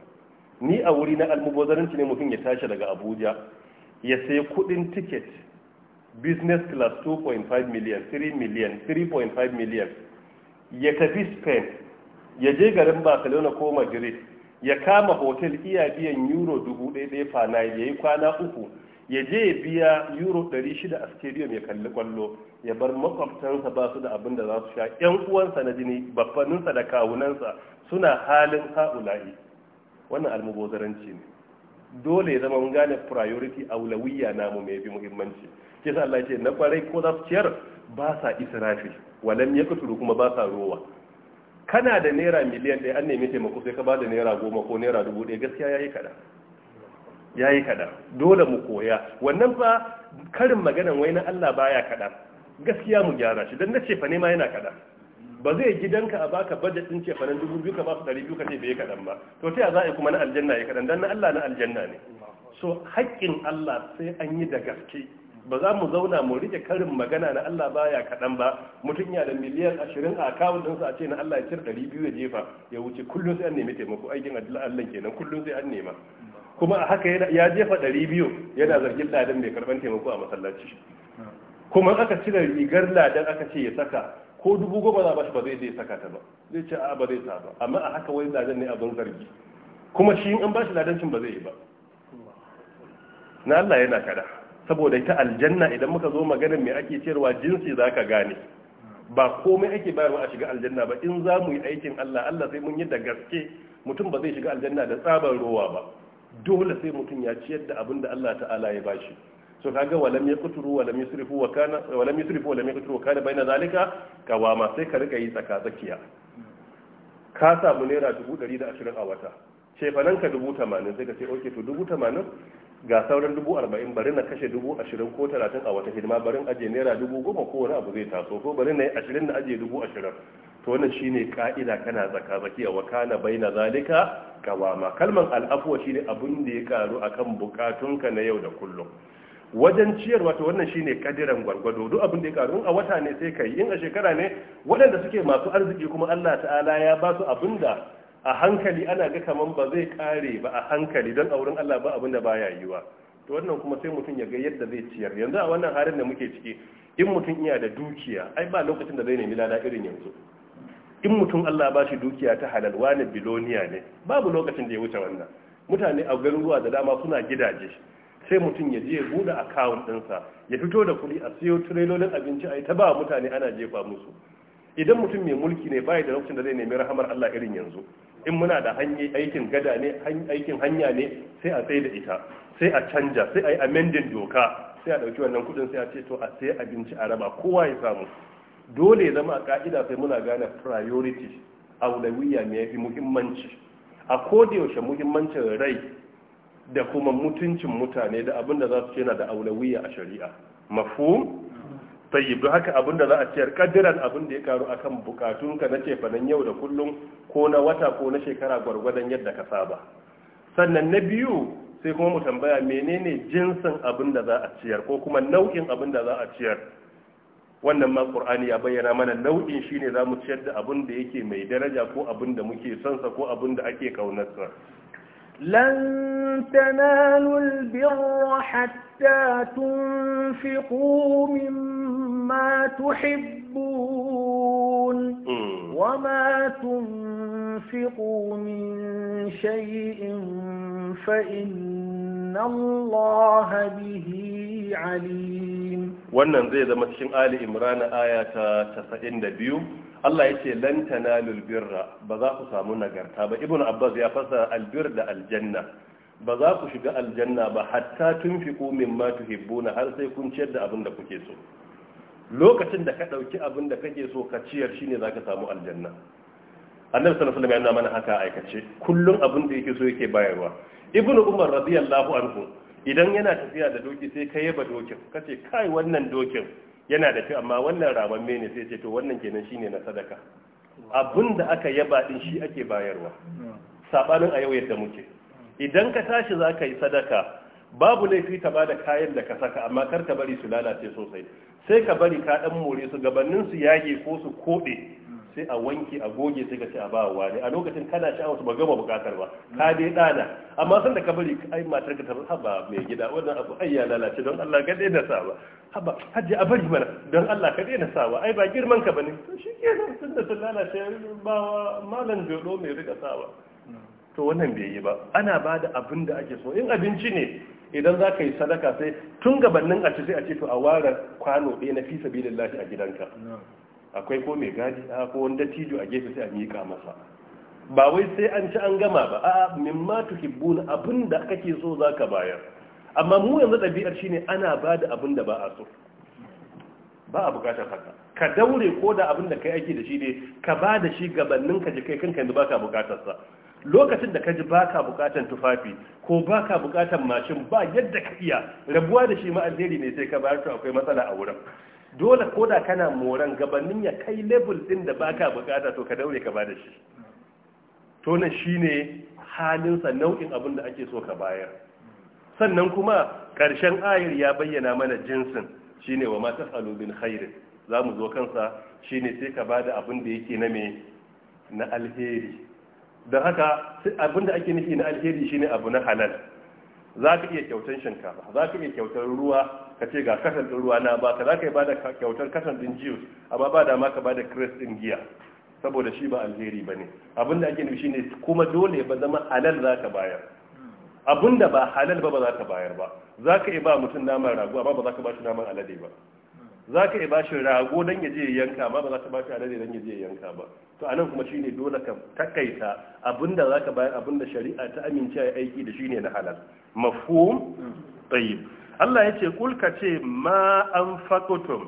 ni a wuri na almubazaranci ne mutum ya tashi daga Abuja ya sai kudin ticket business class 2.5 million 3 million 3.5 million ya tafi spain ya je garin barcelona ko madrid ya kama hotel iya biyan euro 1,000 fana ya yi kwana uku ya je ya biya euro 600 a stadium ya kalli kwallo ya bar makwabtansa ba su da abin da za su sha yan uwansa na jini baffaninsa da kawunansa suna halin ha'ula'i wannan almubozaranci ne dole ya zama mun gane priority aulawiyya namu mai bi muhimmanci ke sa Allah ya ce na kwarai ko za su ciyar ba sa israfi walam yakuturu kuma ba sa rowa kana da naira miliyan ɗaya an nemi taimako sai ka ba da naira goma ko naira dubu ɗaya gaskiya kaɗan kada yi kada dole mu koya wannan fa karin maganan wai na Allah baya kaɗan gaskiya mu gyara shi dan na fa ne ma yana kaɗan. ba zai gidanka a baka budget din ce fanan dubu biyu ka ba su ɗari biyu ka ce bai kaɗan ba to ta za a yi kuma na aljanna ya kaɗan dan na Allah na aljanna ne so haƙƙin Allah sai an yi da gaske ba za mu zauna mu rike karin magana na Allah baya kaɗan ba mutum ya da miliyan ashirin a akawun ɗinsa a ce na Allah ya cire ɗari biyu ya jefa ya wuce kullum sai an nemi taimako aikin addu'a Allah kenan kullum sai an nema kuma a haka ya jefa ɗari biyu yana zargin ladan mai karɓar taimako a masallaci kuma aka cire rigar ladan aka ce ya saka ko dubu goma za ba shi ba zai je saka ta ba zai ce a ba zai sa ba amma a haka wani ladan ne a zargi kuma shi in ba ladancin ba zai yi ba na Allah yana kada saboda ita aljanna idan muka zo maganar me ake cewa jinsi zaka gane ba komai ake bayarwa a shiga aljanna ba in za mu yi aikin Allah Allah sai mun yi da gaske mutum ba zai shiga aljanna da tsabar rowa ba dole sai mutum ya ciyar da abin da Allah ta'ala ya bashi so kaga walam yaqturu walam yusrifu wa kana walam yusrifu walam yakuturu wa kana baina zalika kawama sai ka rika yi tsaka tsakiya ka samu naira 120 a wata shefanan ka 80 sai ka ce okay to 80 ga sauran 40 bari na kashe 20 ko 30 a wata hidima bari aje naira 10 ko wani abu zai taso ko bari na yi 20 na aje 20 to wannan shine ka'ida kana tsaka tsakiya wa kana baina zalika kawama kalman al'afwa shine abun da ya karu akan bukatunka na yau da kullum wajen ciyar wato wannan shine kadiran gwargwado duk abin da ya karu a wata ne sai kai in a shekara ne waɗanda suke masu arziki kuma Allah ta'ala ya ba su da a hankali ana ga kaman ba zai kare ba a hankali don auren Allah ba ya baya yiwa to wannan kuma sai mutum ya ga yadda zai ciyar yanzu a wannan halin da muke ciki in mutum iya da dukiya ai ba lokacin da zai nemi lada irin yanzu in mutum Allah ba shi dukiya ta halal wani biloniya ne babu lokacin da ya wuce wannan mutane a garuruwa da dama suna gidaje sai mutum ya je ya buɗe account ɗinsa ya fito da kuɗi a siyo tirelolin abinci a yi ta ba mutane ana jefa musu idan mutum mai mulki ne bai da lokacin da zai nemi rahamar Allah irin yanzu in muna da hanyar aikin gada ne aikin hanya ne sai a tsaye da ita sai a canja sai a yi amendin doka sai a ɗauki wannan kuɗin sai a ce to a sai abinci a raba kowa ya samu dole ya zama a ka'ida sai muna gane priority aulawiya mai fi muhimmanci a kodayaushe muhimmancin rai da kuma mutuncin mutane da abin da za su ce na da aulawiya a shari'a mafhum tayyib don haka abinda za a ciyar kadiran abin ya karu akan bukatunka na cefanen yau da kullum ko na wata ko na shekara gwargwadon yadda ka saba sannan na biyu sai kuma mu tambaya menene jinsin abin da za a ciyar ko kuma nau'in abin za a ciyar wannan ma qur'ani ya bayyana mana nau'in shine zamu ciyar da abin da yake mai daraja ko abin da muke son sa ko abin da ake sa lan تنالوا البر حتى تنفقوا مما تحبون وما تنفقوا من شيء فإن الله به عليم wannan zai zama cikin Ali Imran aya ta 92 Allah yace lan tanalul birra ba za ku samu nagarta ba Ibn Abbas ya fasa albir da aljanna ba za ku shiga aljanna ba hatta tun fi tunfiqu mimma tuhibbuna har sai kun ciyar da abin da kuke so lokacin da ka ɗauki abin da kake so ka ciyar shine zaka samu aljanna annabi sallallahu alaihi wasallam yana mana haka aikace kullun abin da yake so yake bayarwa ibnu umar radiyallahu anhu idan yana tafiya da doki sai ka yaba dokin kace kai wannan dokin yana da fi amma wannan ramamme ne sai ce to wannan kenan shine na sadaka abin da aka yaba din shi ake bayarwa sabanin a yau yadda muke idan ka tashi za ka yi sadaka babu laifi ta ba da kayan da ka saka amma kar ka bari su lalace sosai sai ka bari ka dan more su gabanin su yage ko su kode sai a wanke a goge sai ka ci a ba wa a lokacin kana ci su ba gama bukatar ba ka dai dana amma san da ka bari ai matar ka ta haba mai gida wannan abu ai ya lalace don Allah ka daina sawa haba hajji a bari mana don Allah ka daina sawa ai ba girman ka bane to shikenan tunda sun lalace ba malam jodo mai riga sawa to wannan bai yi ba ana ba da abin da ake so in abinci ne idan za ka yi sadaka sai tun gabanin a ci sai a ce to a ware kwano ɗaya na fi sabi a gidanka akwai ko mai gadi a ko wanda tijo a gefe sai a miƙa masa ba wai sai an ci an gama ba a hibbu na, abin da kake so za ka bayar amma mu yanzu ɗabi'ar shi ne ana ba da abin da ba a so ba a bukatar haka ka daure ko da abin da kai ake da shi ne ka ba da shi gabanin ka ji kai kanka yanzu ba ka sa lokacin da ka ji baka bukatan tufafi ko baka bukatan mashin ba yadda ka iya rabuwa da shi ma alheri ne sai ka bayar to akwai matsala a wurin dole ko da kana moran gabanin ya kai level din da baka bukata to ka daure ka da shi to nan shine halin sa nau'in abin da ake so ka bayar sannan kuma ƙarshen ayar ya bayyana mana jinsin shine wa ma tasalu bin Za zamu zo kansa shine sai ka ba da abin da yake na me na alheri Da haka abinda ake nufi na alheri shine abu na halal za ka iya kyautar shinkafa za ka iya kyautar ruwa ka ce ga kasan din ruwa na baka za ka yi bada kyautar kasan din jiyu amma ba da ka bada kres din giya saboda shi ba alheri ba ne abinda ake nufi shine kuma dole ba zama halal za ka bayar abinda ba halal ba ba za ka bayar ba za ka iya ba mutum naman rago amma ba za ka ba shi naman alade ba za ka iya ba shi rago don ya je ya yanka amma ba za ka ba shi alade don ya je ya yanka ba to anan kuma shine dole ka takaita abinda zaka bayar abinda shari'a ta amince ya aiki da shine na halal mafhum tayyib Allah yace kul ka ce ma anfaqtum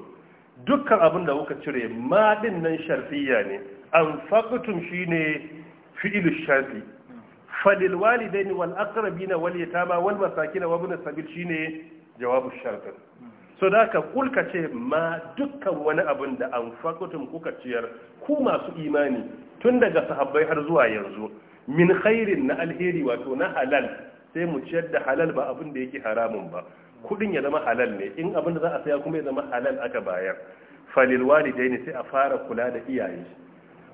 dukkan abinda kuka cire ma din nan sharfiya ne anfaqtum shine fi'ilu sharfi falil walidaini wal aqrabina wal yatama wal masakin wa ibn sabil shine jawabu sharfin so da ka kulka ce ma dukkan wani abin da an fakutum kuka ciyar ku masu imani tun daga sahabbai har zuwa yanzu min khairin na alheri wato na halal sai mu ciyar da halal ba abin da yake haramun ba kudin ya zama halal ne in abin da za a saya kuma ya zama halal aka bayar falil walidaini sai a fara kula da iyaye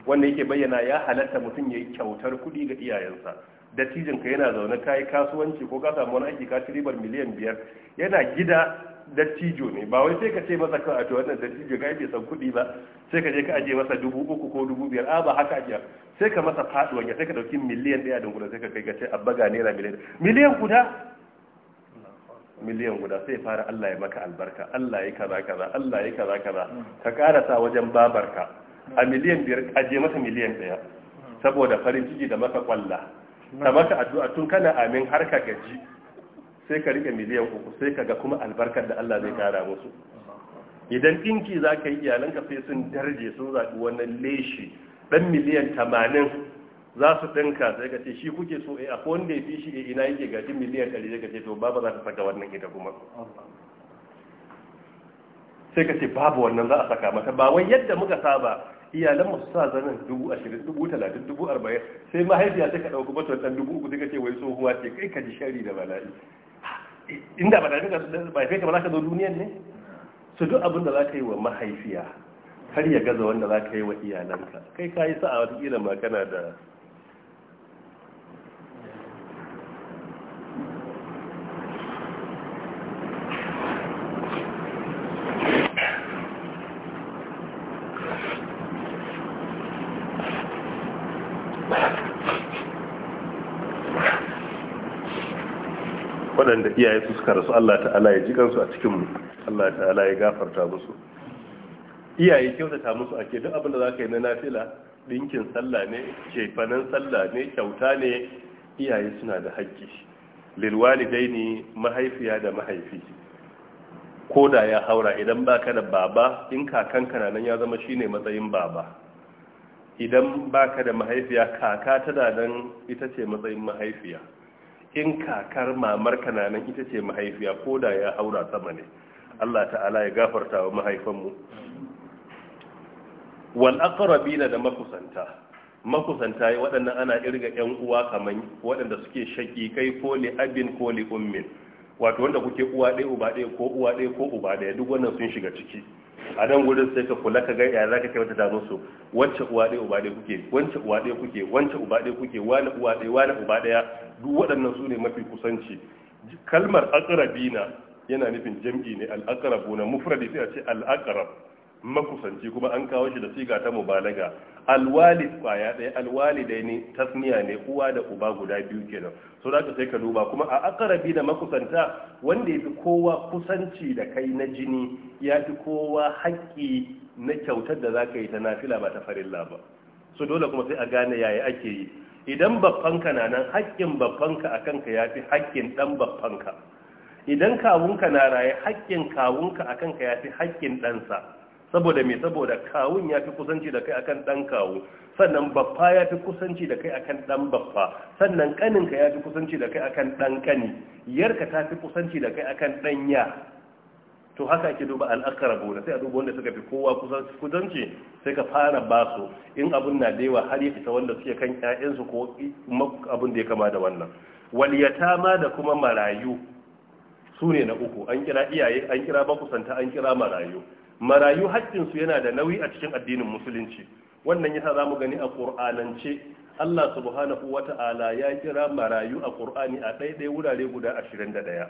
wanda yake bayyana ya halatta mutum ya yi kyautar kuɗi ga iyayensa dattijan ka yana zaune kayi kasuwanci ko ka samu wani aiki ka ribar miliyan biyar yana gida dattijo ne ba wai sai ka ce masa kan ato wannan dattijo ga bai san kuɗi ba sai ka je ka aje masa dubu uku ko dubu biyar a ba haka aje sai ka masa faduwa ya sai ka dauki miliyan ɗaya da guda sai ka kai ka ce abba ga naira miliyan miliyan guda miliyan guda sai fara Allah ya maka albarka Allah ya kaza kaza Allah ya kaza kaza ka karasa wajen babarka a miliyan biyar aje masa miliyan ɗaya saboda farin ciki da maka kwalla ta maka addu'a tun kana amin har ka gaji sai ka rike miliyan uku sai ka ga kuma albarkar da Allah zai kara musu idan ɗinki za ka yi iyalanka sai sun darje sun zaɓi wannan leshi ɗan miliyan tamanin za su ɗinka sai ka ce shi kuke so eh, a ko wanda ya fi shi eh, ina yake gaji miliyan ɗari sai ka ce to babu za ta saka wannan ita kuma sai ka ce babu wannan za a saka mata ba wai yadda muka saba iyalan masu sa zanen dubu ashirin dubu talatin dubu arba'in sai mahaifiya ta ka ɗauki batun ɗan dubu uku sai ka ce wai tsohuwa ce kai ka ji shari da bala'i inda ba daga ba ya ka ba za ka zo duniyan ne su duk abin da za ka yi wa mahaifiya har ya gaza wanda za ka yi wa iyalanka kai ka yi sa'a wata ma kana da waɗanda iyaye su suka rasu Allah ta'ala ya ji kansu a cikin mu Allah ta'ala ya gafarta musu iyaye kyautata musu ake duk abin da za ka yi na nafila Ɗinkin sallah ne jefanan sallah ne kyauta ne iyaye suna da haƙƙi lil walidaini mahaifiya da mahaifi ko da ya haura idan baka da baba in kakanka na nan ya zama shine matsayin baba idan baka da mahaifiya kaka tana nan ita ce matsayin mahaifiya in kakar mamar kananan ita ce mahaifiya ko da ya haura sama ne Allah ta'ala ya gafarta wa mahaifanmu wal aqrabina da makusanta makusanta yi waɗannan ana irga ƴan uwa kaman waɗanda suke shaki kai ko li abin ko li ummin wato wanda kuke uwa ɗaya uba ɗaya ko uwa ɗaya ko uba ɗaya duk wannan sun shiga ciki a nan gudun sai ka kula ka ga ya za ka kyauta da su wacce uwa ɗaya uba ɗaya kuke wacce uwa ɗaya kuke wacce uba ɗaya kuke wani uwa ɗaya wani uba ɗaya duk waɗannan su ne mafi kusanci kalmar aqrabina yana nufin jam'i ne al-aqrabuna mufradi sai a ce al-aqrab makusanci kuma an kawo shi da siga ta mubalaga alwalid kwaya ɗaya alwalidai ne tasniya ne uwa da uba guda biyu kenan so da sai ka duba kuma a akarabi da makusanta wanda ya fi kowa kusanci da kai na jini ya fi kowa haƙƙi na kyautar da za ka yi ta nafila ba ta farilla ba so dole kuma sai a gane yaya ake yi idan babbanka na nan haƙƙin babbanka a kanka ya fi haƙƙin ɗan babbanka idan kawunka na raye haƙƙin kawunka a kanka ya fi haƙƙin ɗansa saboda me saboda kawun ya fi kusanci da kai akan dan kawu sannan baffa ya fi kusanci da kai akan dan baffa sannan kaninka ya fi kusanci da kai akan dan kani yarka ta fi kusanci da kai akan dan ya to haka ake duba al'akarabu da sai a duba wanda suka fi kowa kusanci sai ka fara ba su in abun na da yawa har ya fita wanda suke kan ƴaƴansu ko abun da ya kama da wannan ma da kuma marayu su ne na uku an kira iyaye an kira makusanta an kira marayu marayu haƙƙinsu yana da nauyi a cikin addinin musulunci wannan yasa za mu gani a ƙur'anance allah subhanahu wa ya kira marayu a ƙur'ani a ɗaiɗai wurare guda ashirin da ɗaya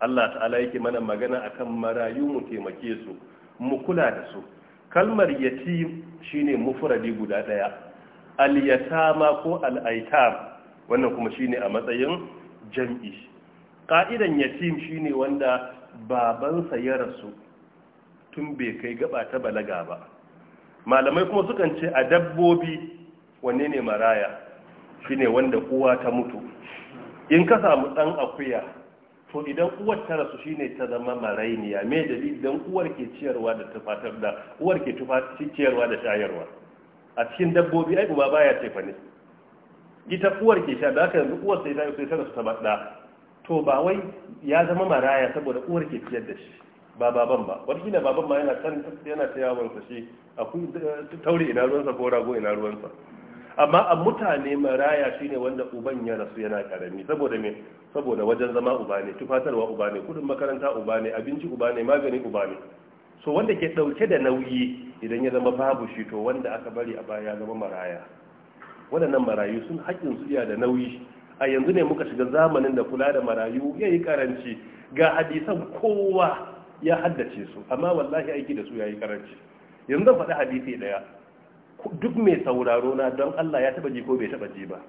allah ta'ala yake mana magana akan marayu mu taimake su mu kula da su kalmar yatim shine mufradi guda ɗaya al-yatama ko al-aitam wannan kuma shine a matsayin jam'i ka'idan yatim shine wanda babansa ya rasu tun bai kai gaba ta balaga ba malamai kuma sukan ce a dabbobi wanne ne maraya shine wanda uwa ta mutu in ka samu dan akuya to idan uwar ta rasu shine ta zama marainiya me dalili dan uwar ke ciyarwa da tufatar da uwar ke ciyarwa da shayarwa a cikin dabbobi ai uba baya tefa ne ita uwar ke sha da haka yanzu uwar sai ta sai ta rasu ta bada to ba wai ya zama maraya saboda uwar ke ciyar da shi ba baban ba wani gina baban ma yana can yana ta yawon a kun taure ina ruwansa ko rago ina ruwansa amma a mutane maraya shine wanda uban ya rasu yana karami saboda me saboda wajen zama uba ne tufatarwa uba ne kudin makaranta uba ne abinci uba ne magani uba ne so wanda ke dauke da nauyi idan ya zama babu shi to wanda aka bari a baya zama maraya waɗannan marayu sun haƙƙin su iya da nauyi a yanzu ne muka shiga zamanin da kula da marayu yayi karanci ga hadisan kowa ya haddace su amma wallahi aiki da su yayi karanci yanzu faɗi hadisi daya duk mai sauraro na don Allah ya taba ji ko bai taba ji ba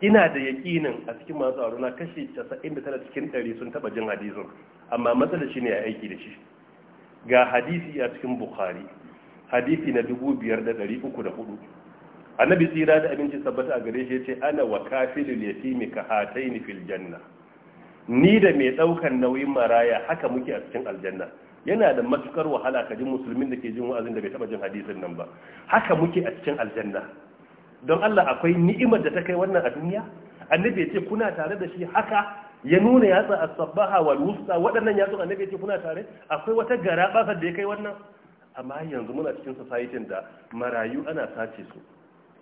ina da yakinin a cikin masu sauraro na kashi 99 cikin 100 sun taba jin hadisin amma matsalar ne ya aiki da shi ga hadisi a cikin bukhari hadisi na 5304 annabi tsira da abinci sabbata a gare shi yace ana wa kafilul yatimi ka hataini fil janna ni da mai ɗaukan nauyin maraya haka muke a cikin aljanna yana da matukar wahala ka ji musulmin da ke jin wa'azin da bai taba jin hadisin nan ba haka muke a cikin aljanna don Allah akwai ni'imar da ta kai wannan a duniya annabi ya ce kuna tare da shi haka ya nuna yatsa as-sabaha wal wusta waɗannan yatsun annabi ya ce kuna tare akwai wata gara basar da ya kai wannan amma yanzu muna cikin society da marayu ana sace su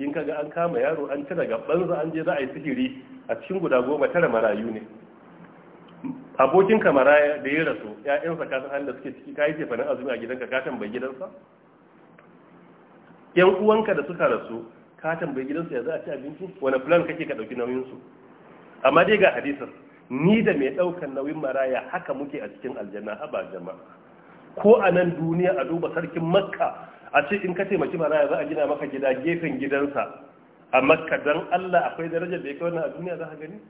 in kaga an kama yaro an cire gaban an je za a yi sihiri a cikin guda goma tara marayu ne abokin kamara da ya rasu ‘ya'yansa ka san da suke ciki ka ce fanin azumi a gidanka ka tambayi gidansa ‘yan uwanka da suka rasu ka tambayi gidansa ya za a ci abinci wani plan kake ka ɗauki nauyinsu amma dai ga hadisar ni da mai ɗaukan nauyin maraya haka muke a cikin aljanna haba jama'a ko a nan duniya a duba sarkin makka a ce in ka taimaki maraya za a gina maka gida gefen gidansa a makka don allah akwai darajar da ya kai wannan a duniya za a gani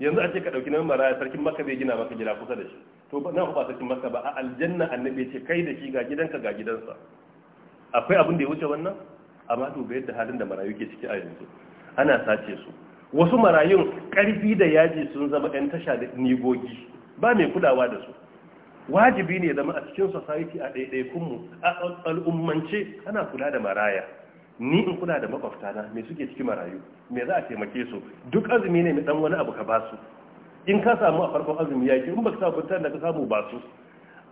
yanzu an ce ka dauki nan maraya sarkin makka bai gina maka gida kusa da shi to nan ba sarkin makka ba a aljanna annabi ce kai da shi ga gidanka ga gidansa akwai abin da ya wuce wannan amma duba yadda halin da marayu ke ciki a yanzu ana sace su wasu marayun karfi da yaji sun zama yan tasha da nigogi ba mai kulawa da su wajibi ne zama a cikin society a ɗaiɗaikunmu a al'ummance ana kula da maraya ni in kula da makwabta na me suke cikin marayu me za a taimake su duk azumi ne mai dan wani abu ka ba su in ka samu a farkon azumi ya ki in ka samu tan da ka samu ba su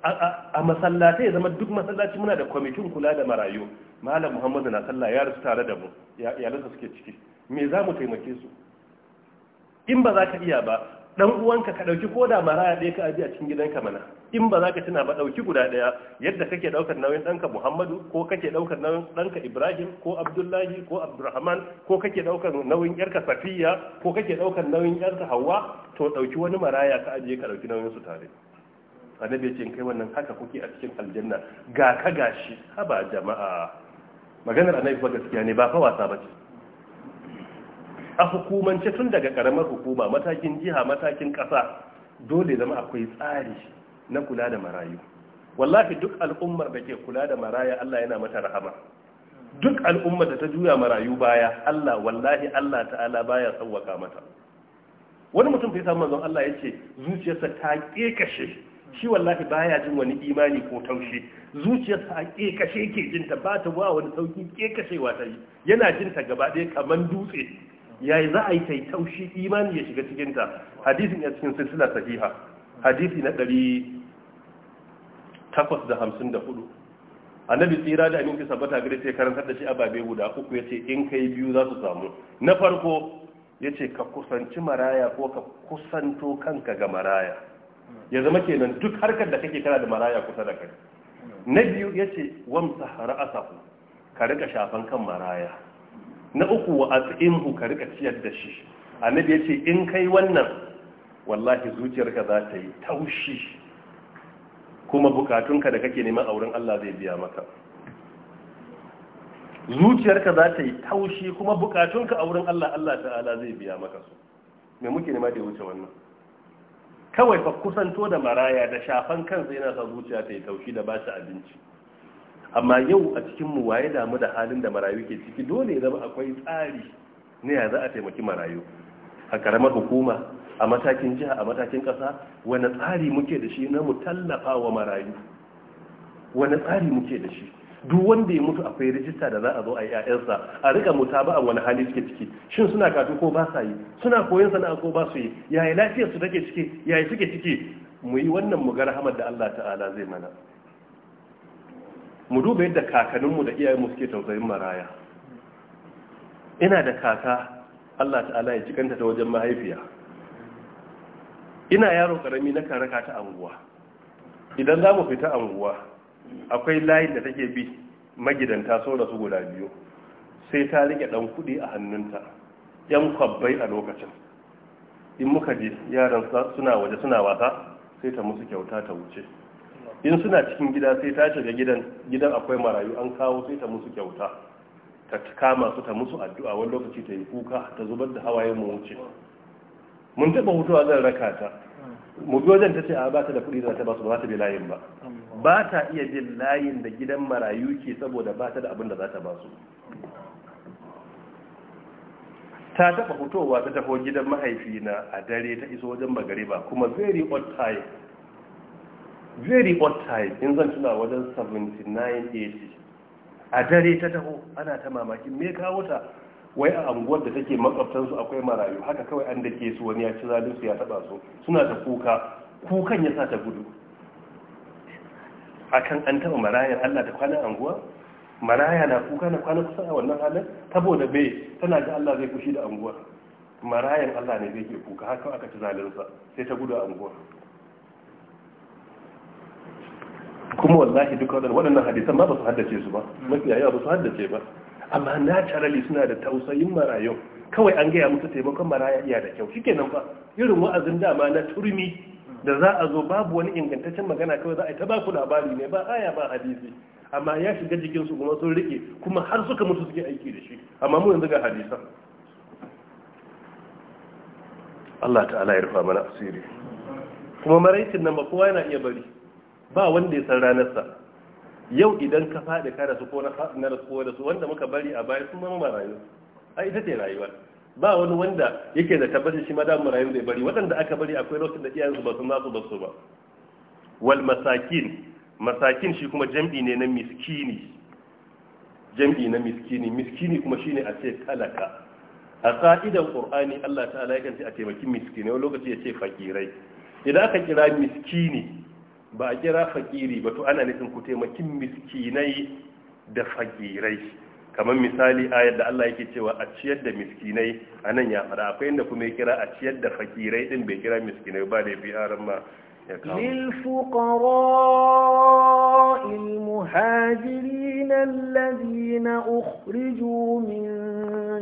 a masallata ya zama duk masallaci muna da kwamitin kula da marayu malam muhammadu na sallah ya rasu tare da mu iyalansa suke ciki me za mu taimake su in ba za ka iya ba dan uwanka ka dauki koda maraya ɗaya ka aji a cikin gidanka mana in ba za ka tuna ba ɗauki guda ɗaya yadda kake ɗaukar nauyin ɗanka muhammadu ko kake ɗaukar nauyin ɗanka ibrahim ko abdullahi ko abdurrahman ko kake ɗaukar nauyin ƴarka safiya ko kake ɗaukar nauyin ƴarka hawa to ɗauki wani maraya ka ajiye ka ɗauki nauyin su tare annabi ce kai wannan haka kuke a cikin aljanna ga ka gashi haba jama'a maganar annabi ba gaskiya ne ba fa wasa ba ce a hukumance tun daga karamar hukuma matakin jiha matakin ƙasa dole zama akwai tsari na kula da marayu wallahi duk al'ummar da ke kula da maraya Allah yana mata rahama duk al'ummar da ta juya marayu baya Allah wallahi Allah ta'ala baya sauwaka mata wani mutum fa samu manzon Allah yace zuciyarsa ta kekashe shi wallahi baya jin wani imani ko taushe zuciyarsa a kekashe yake jin ta ba ta wa wani sauki kekashewa ta yi yana jin ta gaba ɗaya kaman dutse yayi za a yi tai taushi imani ya shiga cikin ta hadisin ya cikin silsila sahiha hadisi na ɗari takwas da hamsin da hudu annabi tsira da aminci sabbata gari sai karantar da shi ababe guda uku ya ce in kai biyu za su samu na farko ya ce ka kusanci maraya ko ka kusanto kanka ga maraya ya zama kenan duk harkar da kake kana da maraya kusa da kai na biyu ya ce wamsa ka rika shafan kan maraya na uku wa at'imhu ka rika ciyar da shi annabi ya ce in kai wannan wallahi zuciyarka za ta yi taushi kuma bukatunka da kake neman auren Allah zai biya maka zuciyarka za ta yi taushi kuma bukatunka auren Allah Allah ta'ala zai biya maka su me muke nema da wuce wannan kawai fa kusanto da maraya da shafan kansa yana sa zuciya ta yi taushi da ba shi abinci amma yau a cikin mu waye damu da halin da marayu ke ciki dole ya zama akwai tsari ne ya za a taimaki marayu a karamar hukuma a matakin jiha a matakin ƙasa wani tsari muke da shi na mu tallafa wa marayu wani tsari muke da shi duk wanda ya mutu akwai rijista da za a zo a yi ƴaƴansa a rika muta ba a wani hali suke ciki shin suna katu ko ba sa yi suna koyon sana'a ko ba su yi yaya lafiyar su take ciki yaya suke ciki mu yi wannan mu ga rahamar da Allah ta'ala zai mana mu duba yadda kakanninmu da iyayen mu suke tausayin maraya ina da kaka Allah ta'ala ya cikanta ta wajen mahaifiya ina yaro karami na karaka ta anguwa idan za mu fita anguwa akwai layin da take bi magidanta so da su guda biyu sai ta rike dan kudi a hannunta yan kwabbai a lokacin in muka ji yaran suna waje suna wasa sai ta musu kyauta ta wuce in suna cikin gida sai ta shiga gidan gidan akwai marayu an kawo sai ta musu kyauta ta kama su ta musu addu'a wani lokaci ta yi kuka ta zubar da hawaye mu wuce mun taɓa a zan raka ta mu bi wajen ta ce a ba ta da kuɗi za ta ba su ba ta bi layin ba ba ta iya bin layin da gidan marayu ke saboda ba ta da abin da za ta ba su ta taɓa hutowa ta taho gidan mahaifina a dare ta iso wajen magariba kuma very odd time very odd time in zan tuna wajen 79 80 a dare ta taho ana ta mamakin me kawo ta wai a anguwar da take makwabtansu akwai marayu haka kawai an dake su wani ya ci zalinsu ya taba su suna ta kuka kukan ya sa ta gudu akan an taba marayar Allah da kwana anguwa maraya na kuka na kwana kusa a wannan halin saboda bai tana ga Allah zai fushi da anguwa marayan Allah ne zai ke kuka haka aka ci zalinsa sai ta gudu a anguwa kuma wallahi duka waɗannan hadisan ba su haddace su ba mafi yawa ba su haddace ba amma naturally suna da tausayin marayu kawai an gaya musu taimakon maraya iya da kyau nan fa irin wa'azin dama na turmi da za a zo babu wani ingantaccen magana kawai za a yi ta ba ku labari ne ba aya ba hadisi amma ya shiga jikinsu kuma sun rike kuma har suka mutu suke aiki da shi amma mu yanzu ga hadisan Allah ta'ala ya rufa mana asiri kuma maraicin nan ba kowa yana iya bari ba wanda ya san ranar sa. yau idan ka faɗi ka rasu ko na rasu ko rasu wanda muka bari a baya sun mamma marayu a ita ce rayuwa ba wani wanda yake da tabbatar shi madan marayu zai bari waɗanda aka bari akwai lokacin da iyayensu ba su nasu ba su ba wal masakin masakin shi kuma jam'i ne na miskini jam'i na miskini miskini kuma shine a ce talaka a sa'idan qur'ani Allah ta'ala Ya ce a taimakin miskini wani lokaci ya ce fakirai idan aka kira miskini ba a kira fakiri ba to ana nufin ku taimakin miskinai da fakirai kamar misali ayar da Allah yake cewa a ciyar da miskinai a nan ya fara akwai inda kuma ya kira a ciyar da fakirai din bai kira miskinai ba da fi aran ma ya kawo للفقراء المهاجرين الذين أخرجوا من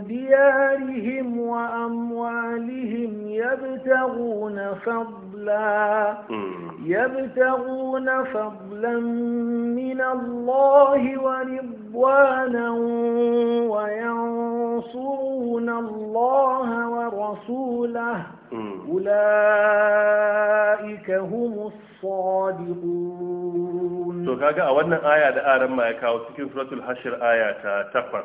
ديارهم وأموالهم يبتغون فضلا م. يبتغون فضلا من الله ورضوانا وينصرون الله ورسوله أولئك هم الصادقون to kaga a wannan aya da aran ma ya kawo cikin suratul hashir aya ta takwas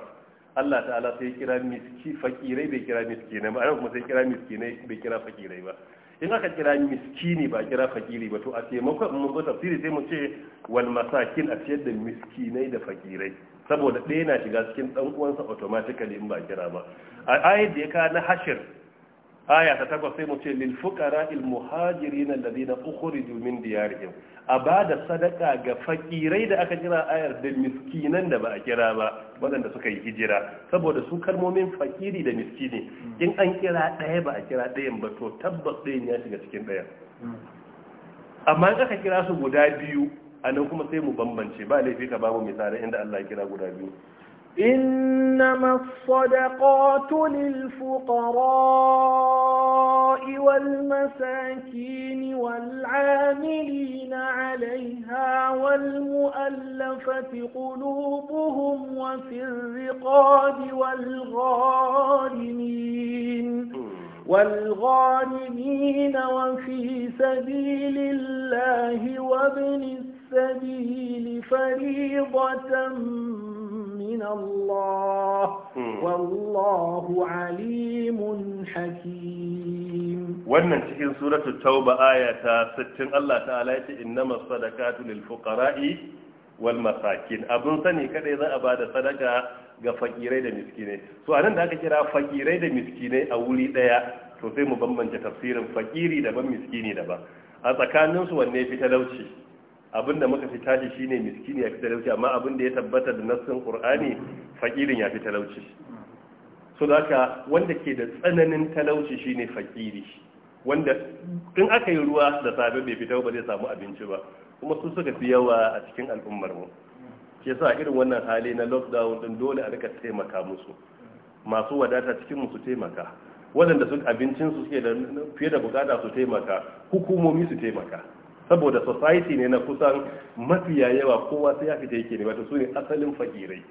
Allah ta'ala sai kira miski fakirai bai kira miski ne ba kuma sai kira miski ne bai kira fakirai ba in aka kira miskini ba kira fakiri ba to a taimakon mun zo tafsiri sai mu ce wal masakin a ciyar da miskinai da fakirai saboda ɗaya na shiga cikin ɗan uwansa automatically in ba kira ba a ayat da ya ka na hashir aya ta takwas sai mu ce lil fuqara al muhajirin alladhina ukhriju min diyarihim a bada sadaka ga fakirai da aka kira ayar da miskinan da ba a kira ba waɗanda suka yi hijira saboda su kalmomin fakiri da miskini in an kira ɗaya ba a kira ɗayan ba to tabbas ɗayan ya shiga cikin ɗayan amma in aka kira su guda biyu a nan kuma sai mu bambance ba laifi ka ba mu misali inda Allah ya kira guda biyu إنما الصدقات للفقراء والمساكين والعاملين عليها والمؤلفة قلوبهم وفي الرقاب والغارمين والغارمين وفي سبيل الله وابن السبيل فريضة من الله hmm. والله عليم حكيم wannan cikin suratul tauba aya ta 60 Allah ta'ala yace innamas sadaqatu lil fuqara'i wal masakin abun sani kaɗai za a bada sadaka ga fakirai da miskinai so anan da aka kira fakirai da miskinai a wuri daya to sai mu bambance tafsirin fakiri daban miskini daban a tsakaninsu wanne fi talauci da muka fi tashi shine miskini ya fi talauci amma abinda ya tabbata da nassin qur'ani fakirin ya fi talauci so haka wanda ke da tsananin talauci shine fakiri wanda in aka yi ruwa da safe bai fita ba zai samu abinci ba kuma su suka fi yawa a cikin al'ummarmu. mu ke sa irin wannan hali na lockdown din dole a rika taimaka musu masu wadata cikin musu taimaka waɗanda su abincinsu suke da fiye da bukata su taimaka hukumomi su taimaka saboda society ne na kusan mafiya yawa kowa sai ya fita yake ne wato su ne asalin fakirai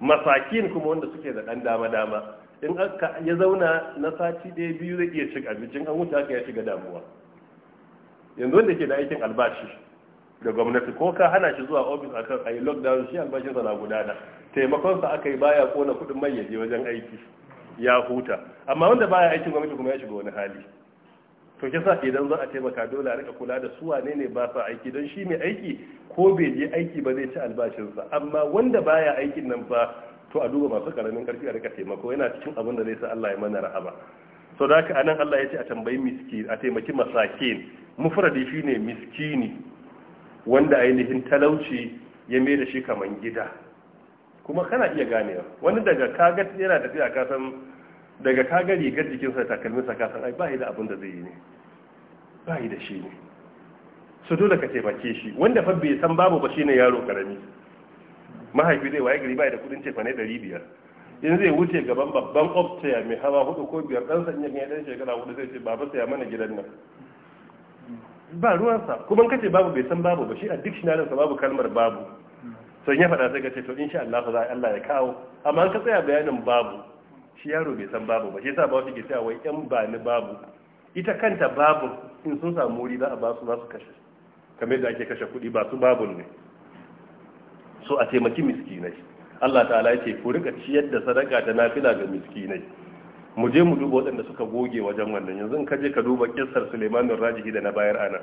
masakin kuma wanda suke da dan dama-dama in aka ya zauna na sati ɗaya biyu zai iya cika abincin an wuce aka ya shiga damuwa yanzu wanda ke da aikin albashi da gwamnati ko ka hana shi zuwa ofis akan a yi lockdown shi albashin sa na gudana taimakon sa aka yi baya kona kuɗin mai yaje wajen aiki ya huta amma wanda baya aikin gwamnati kuma ya shiga wani hali to ke sa idan za a taimaka dole a rika kula da su wane ne ba sa aiki don shi mai aiki ko bai je aiki ba zai ci albashinsa amma wanda baya aikin nan ba, to a duba masu karamin karfi a rika taimako yana cikin abin da zai sa Allah ya mana rahama so da haka anan Allah ya ce a tambayi miskin a taimaki masakin mufradi shine miskini wanda ainihin talauci ya mai da shi kaman gida kuma kana iya ganewa wani daga kagat yana tafiya ka san daga kaga rigar jikinsa takalminsa ka san ai ba da abin da zai yi ne ba da shi ne su dole ka taimake shi wanda fa bai san babu ba shi ne yaro karami mahaifi zai waye gari ba da kudin cefa ne 500 in zai wuce gaban babban ofciya mai hawa hudu ko biyar dan sanya ya dan shekara hudu zai ce babu saya mana gidan nan ba ruwansa kuma kace babu bai san babu ba shi a dictionary sa babu kalmar babu sai ya faɗa sai ka ce to insha Allah za Allah ya kawo amma an ka tsaya bayanin babu shi yaro bai san babu ba shi yasa ba wata ke cewa wai yan ba ni babu ita kanta babu in sun samu wuri za a ba su za kashe kamar yadda ake kashe kuɗi ba su babu ne so a taimaki miskinai Allah ta'ala yake ku rika ciyar da sadaka ta nafila ga miskinai mu je mu duba waɗanda suka goge wajen wannan yanzu in je ka duba kissar bin Rajihi da na bayar ana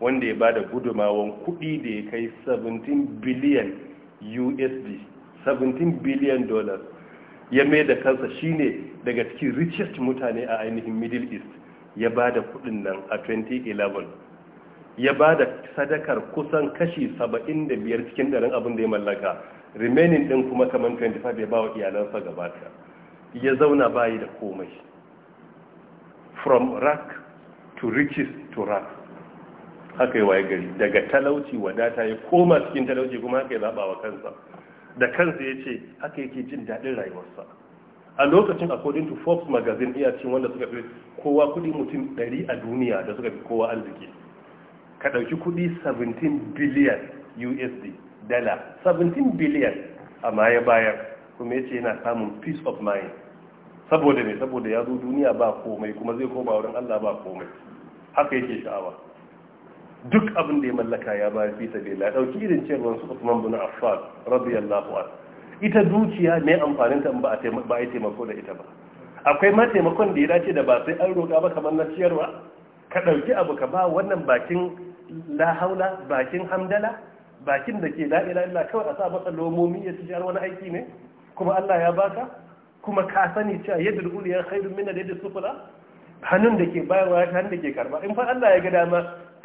wanda ya bada gudumawan kuɗi da ya kai 17 billion USD 17 billion dollars ya mai da kansa shine daga cikin richest mutane a ainihin middle east ya ba da kudin nan a 2011 ya ba da sadakar kusan kashi 75 cikin ɗarin abin da ya mallaka remaining ɗin kuma kamar 25 ya ba wa iyalansa gabata ya zauna bayi da komai from rack to riches to rack haka yi waye gari daga talauci wadata ya koma cikin talauci kuma haka ya zaɓa wa kansa da kansa ya ce haka yake jin daɗin rayuwarsa a lokacin according to forbes magazine iya cin wanda suka fi kowa kudi mutum 100 a duniya da suka fi kowa arziki ka ɗauki kudi 17 billion usd dala 17 billion a maye bayan kuma ya ce yana samun peace of mind saboda ne saboda ya zo duniya ba komai kuma zai koma wurin allah ba komai haka yake sha'awa duk abin da ya mallaka ya bayar fi sabila dauki irin cewa su Usman bin Affan radiyallahu anhu ita dukiya ne amfanin ta ba a ba taimako da ita ba akwai ma taimakon da ya dace da ba sai an roƙa ba kamar na ciyarwa ka dauki abu ka ba wannan bakin la haula bakin hamdala bakin da ke la ilaha illa kawai a sa masa lomomi ya ci wani aiki ne kuma Allah ya baka kuma ka sani cewa yadda dukkan ya khairu minna da yadda sufula hannun da ke bayarwa ya hannun da ke karba in fa Allah ya ga dama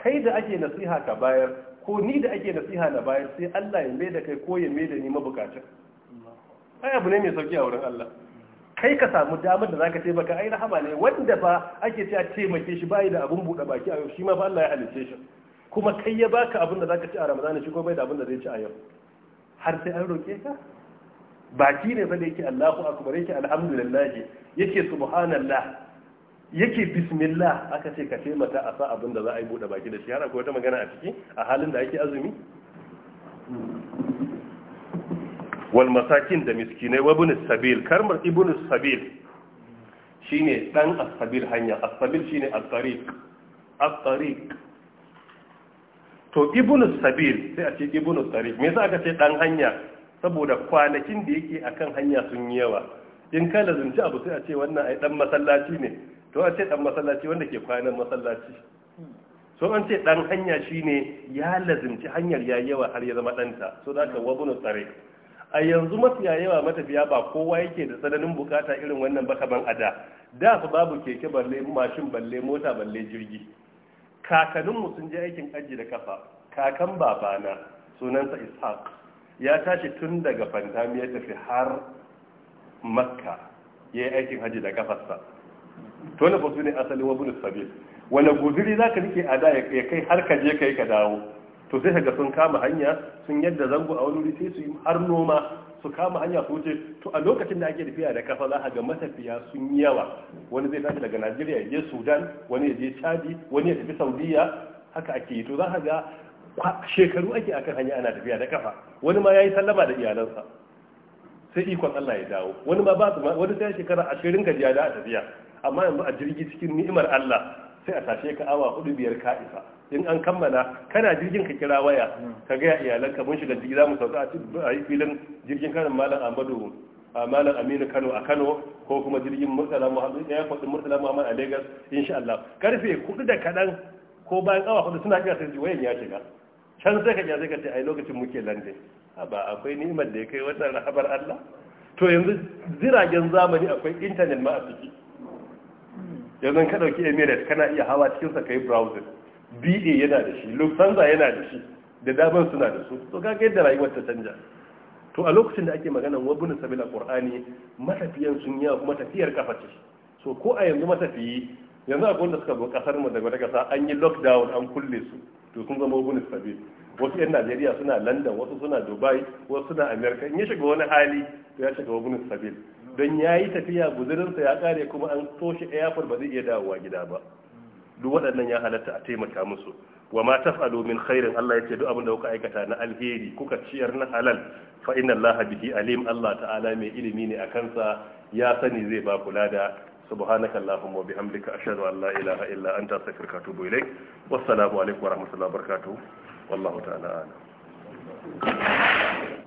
kai da ake nasiha ka bayar ko ni da ake nasiha na bayar sai Allah ya mai da kai ko ya mai da ni mabukacin ai abu ne mai sauki a wurin Allah kai ka samu damar da zaka taimaka ai rahama ne wanda fa ake cewa taimake shi bai da abun buɗe baki a yau shi ma fa Allah ya halice shi kuma kai ya baka abin da zaka ci a Ramadan shi ko bai da abin da zai ci a yau har sai an roke ka baki ne fa da yake Allahu akbar yake alhamdulillah yake subhanallah yake bismillah aka ce ka taimata a sa abin da za a yi buɗe baki da shi har akwai wata magana a ciki a halin da ake azumi wal masakin da miskinai wa ibn sabil karmar ibn sabil shine dan as-sabil hanya as-sabil shine at-tariq at-tariq to ibn sabil sai a ce ibn tariq me yasa aka ce dan hanya saboda kwanakin da yake akan hanya sun yi yawa in ka lazumci abu sai a ce wannan ai dan masallaci ne to an ce dan masallaci wanda ke kwanan masallaci so an ce dan hanya shine ya lazimci hanyar ya yawa har ya zama danta so da ka wabunu tsare a yanzu mafiya yawa matafiya ba kowa yake da tsananin bukata irin wannan ba kaman ada da fa babu keke balle mashin balle mota balle jirgi mu sun je aikin aji da kafa kakan babana sunansa ishaq ya tashi tun daga fantamiya tafi har makka ya yi aikin haji da kafarsa to na fasu ne wa wabin sabil wani guziri za ka rike a da ya kai har ka je kai ka dawo to sai ka sun kama hanya sun yadda zango a wani wuri sai su yi har noma su kama hanya su wuce to a lokacin da ake tafiya da kafa za ga matafiya sun yi yawa wani zai tafi daga najeriya ya je sudan wani ya je chadi wani ya tafi saudiya haka ake yi to za ga shekaru ake akan hanya ana tafiya da kafa wani ma ya yi sallama da iyalansa sai ikon allah ya dawo wani ma ba wani sai shekara ashirin jiya da a tafiya amma yanzu a jirgi cikin ni'imar Allah sai a tashe ka awa hudu biyar ka isa in an kammala kana jirgin ka kira waya ka ga iyalanka mun shiga jirgi zamu sauka a filin jirgin kan malam Ahmadu malam Aminu Kano a Kano ko kuma jirgin Murtala Muhammad ya faɗi Murtala Muhammad a Lagos insha Allah karfe kudu da kadan ko bayan awa hudu suna kira sai wayan ya shiga can sai ka ja sai ka ce ai lokacin muke lande ba akwai ni'imar da ya kai wannan rahabar Allah to yanzu ziragen zamani akwai intanet ma a ciki yanzu ka dauki emirates kana iya hawa cikin sa kai browser ba yana da shi lufthansa yana da shi da daban suna da su to ga yadda rayuwar ta canja to a lokacin da ake magana wabun sabil alqur'ani matafiyan sun yi kuma tafiyar kafa ce so ko a yanzu matafiyi yanzu akwai wanda suka zo kasar mu daga daga sa an yi lockdown an kulle su to sun zama wabun sabil wasu 'yan najeriya suna london wasu suna dubai wasu suna america in ya shiga wani hali to ya shiga wani sabil don ya yi tafiya guzurinsa ya kare kuma an toshe airport ba zai iya dawowa gida ba duk waɗannan ya halatta a taimaka musu wa ma taf'alu min khairin Allah yace duk abin da kuka aikata na alheri kuka ciyar na halal fa inna Allah bihi alim Allah ta'ala mai ilimi ne akan sa ya sani zai ba kula da subhanaka allahumma wa bihamdika ashhadu an la ilaha illa anta astaghfiruka wa atubu ilaik wassalamu alaikum wa rahmatullahi wa barakatuh wallahu ta'ala alam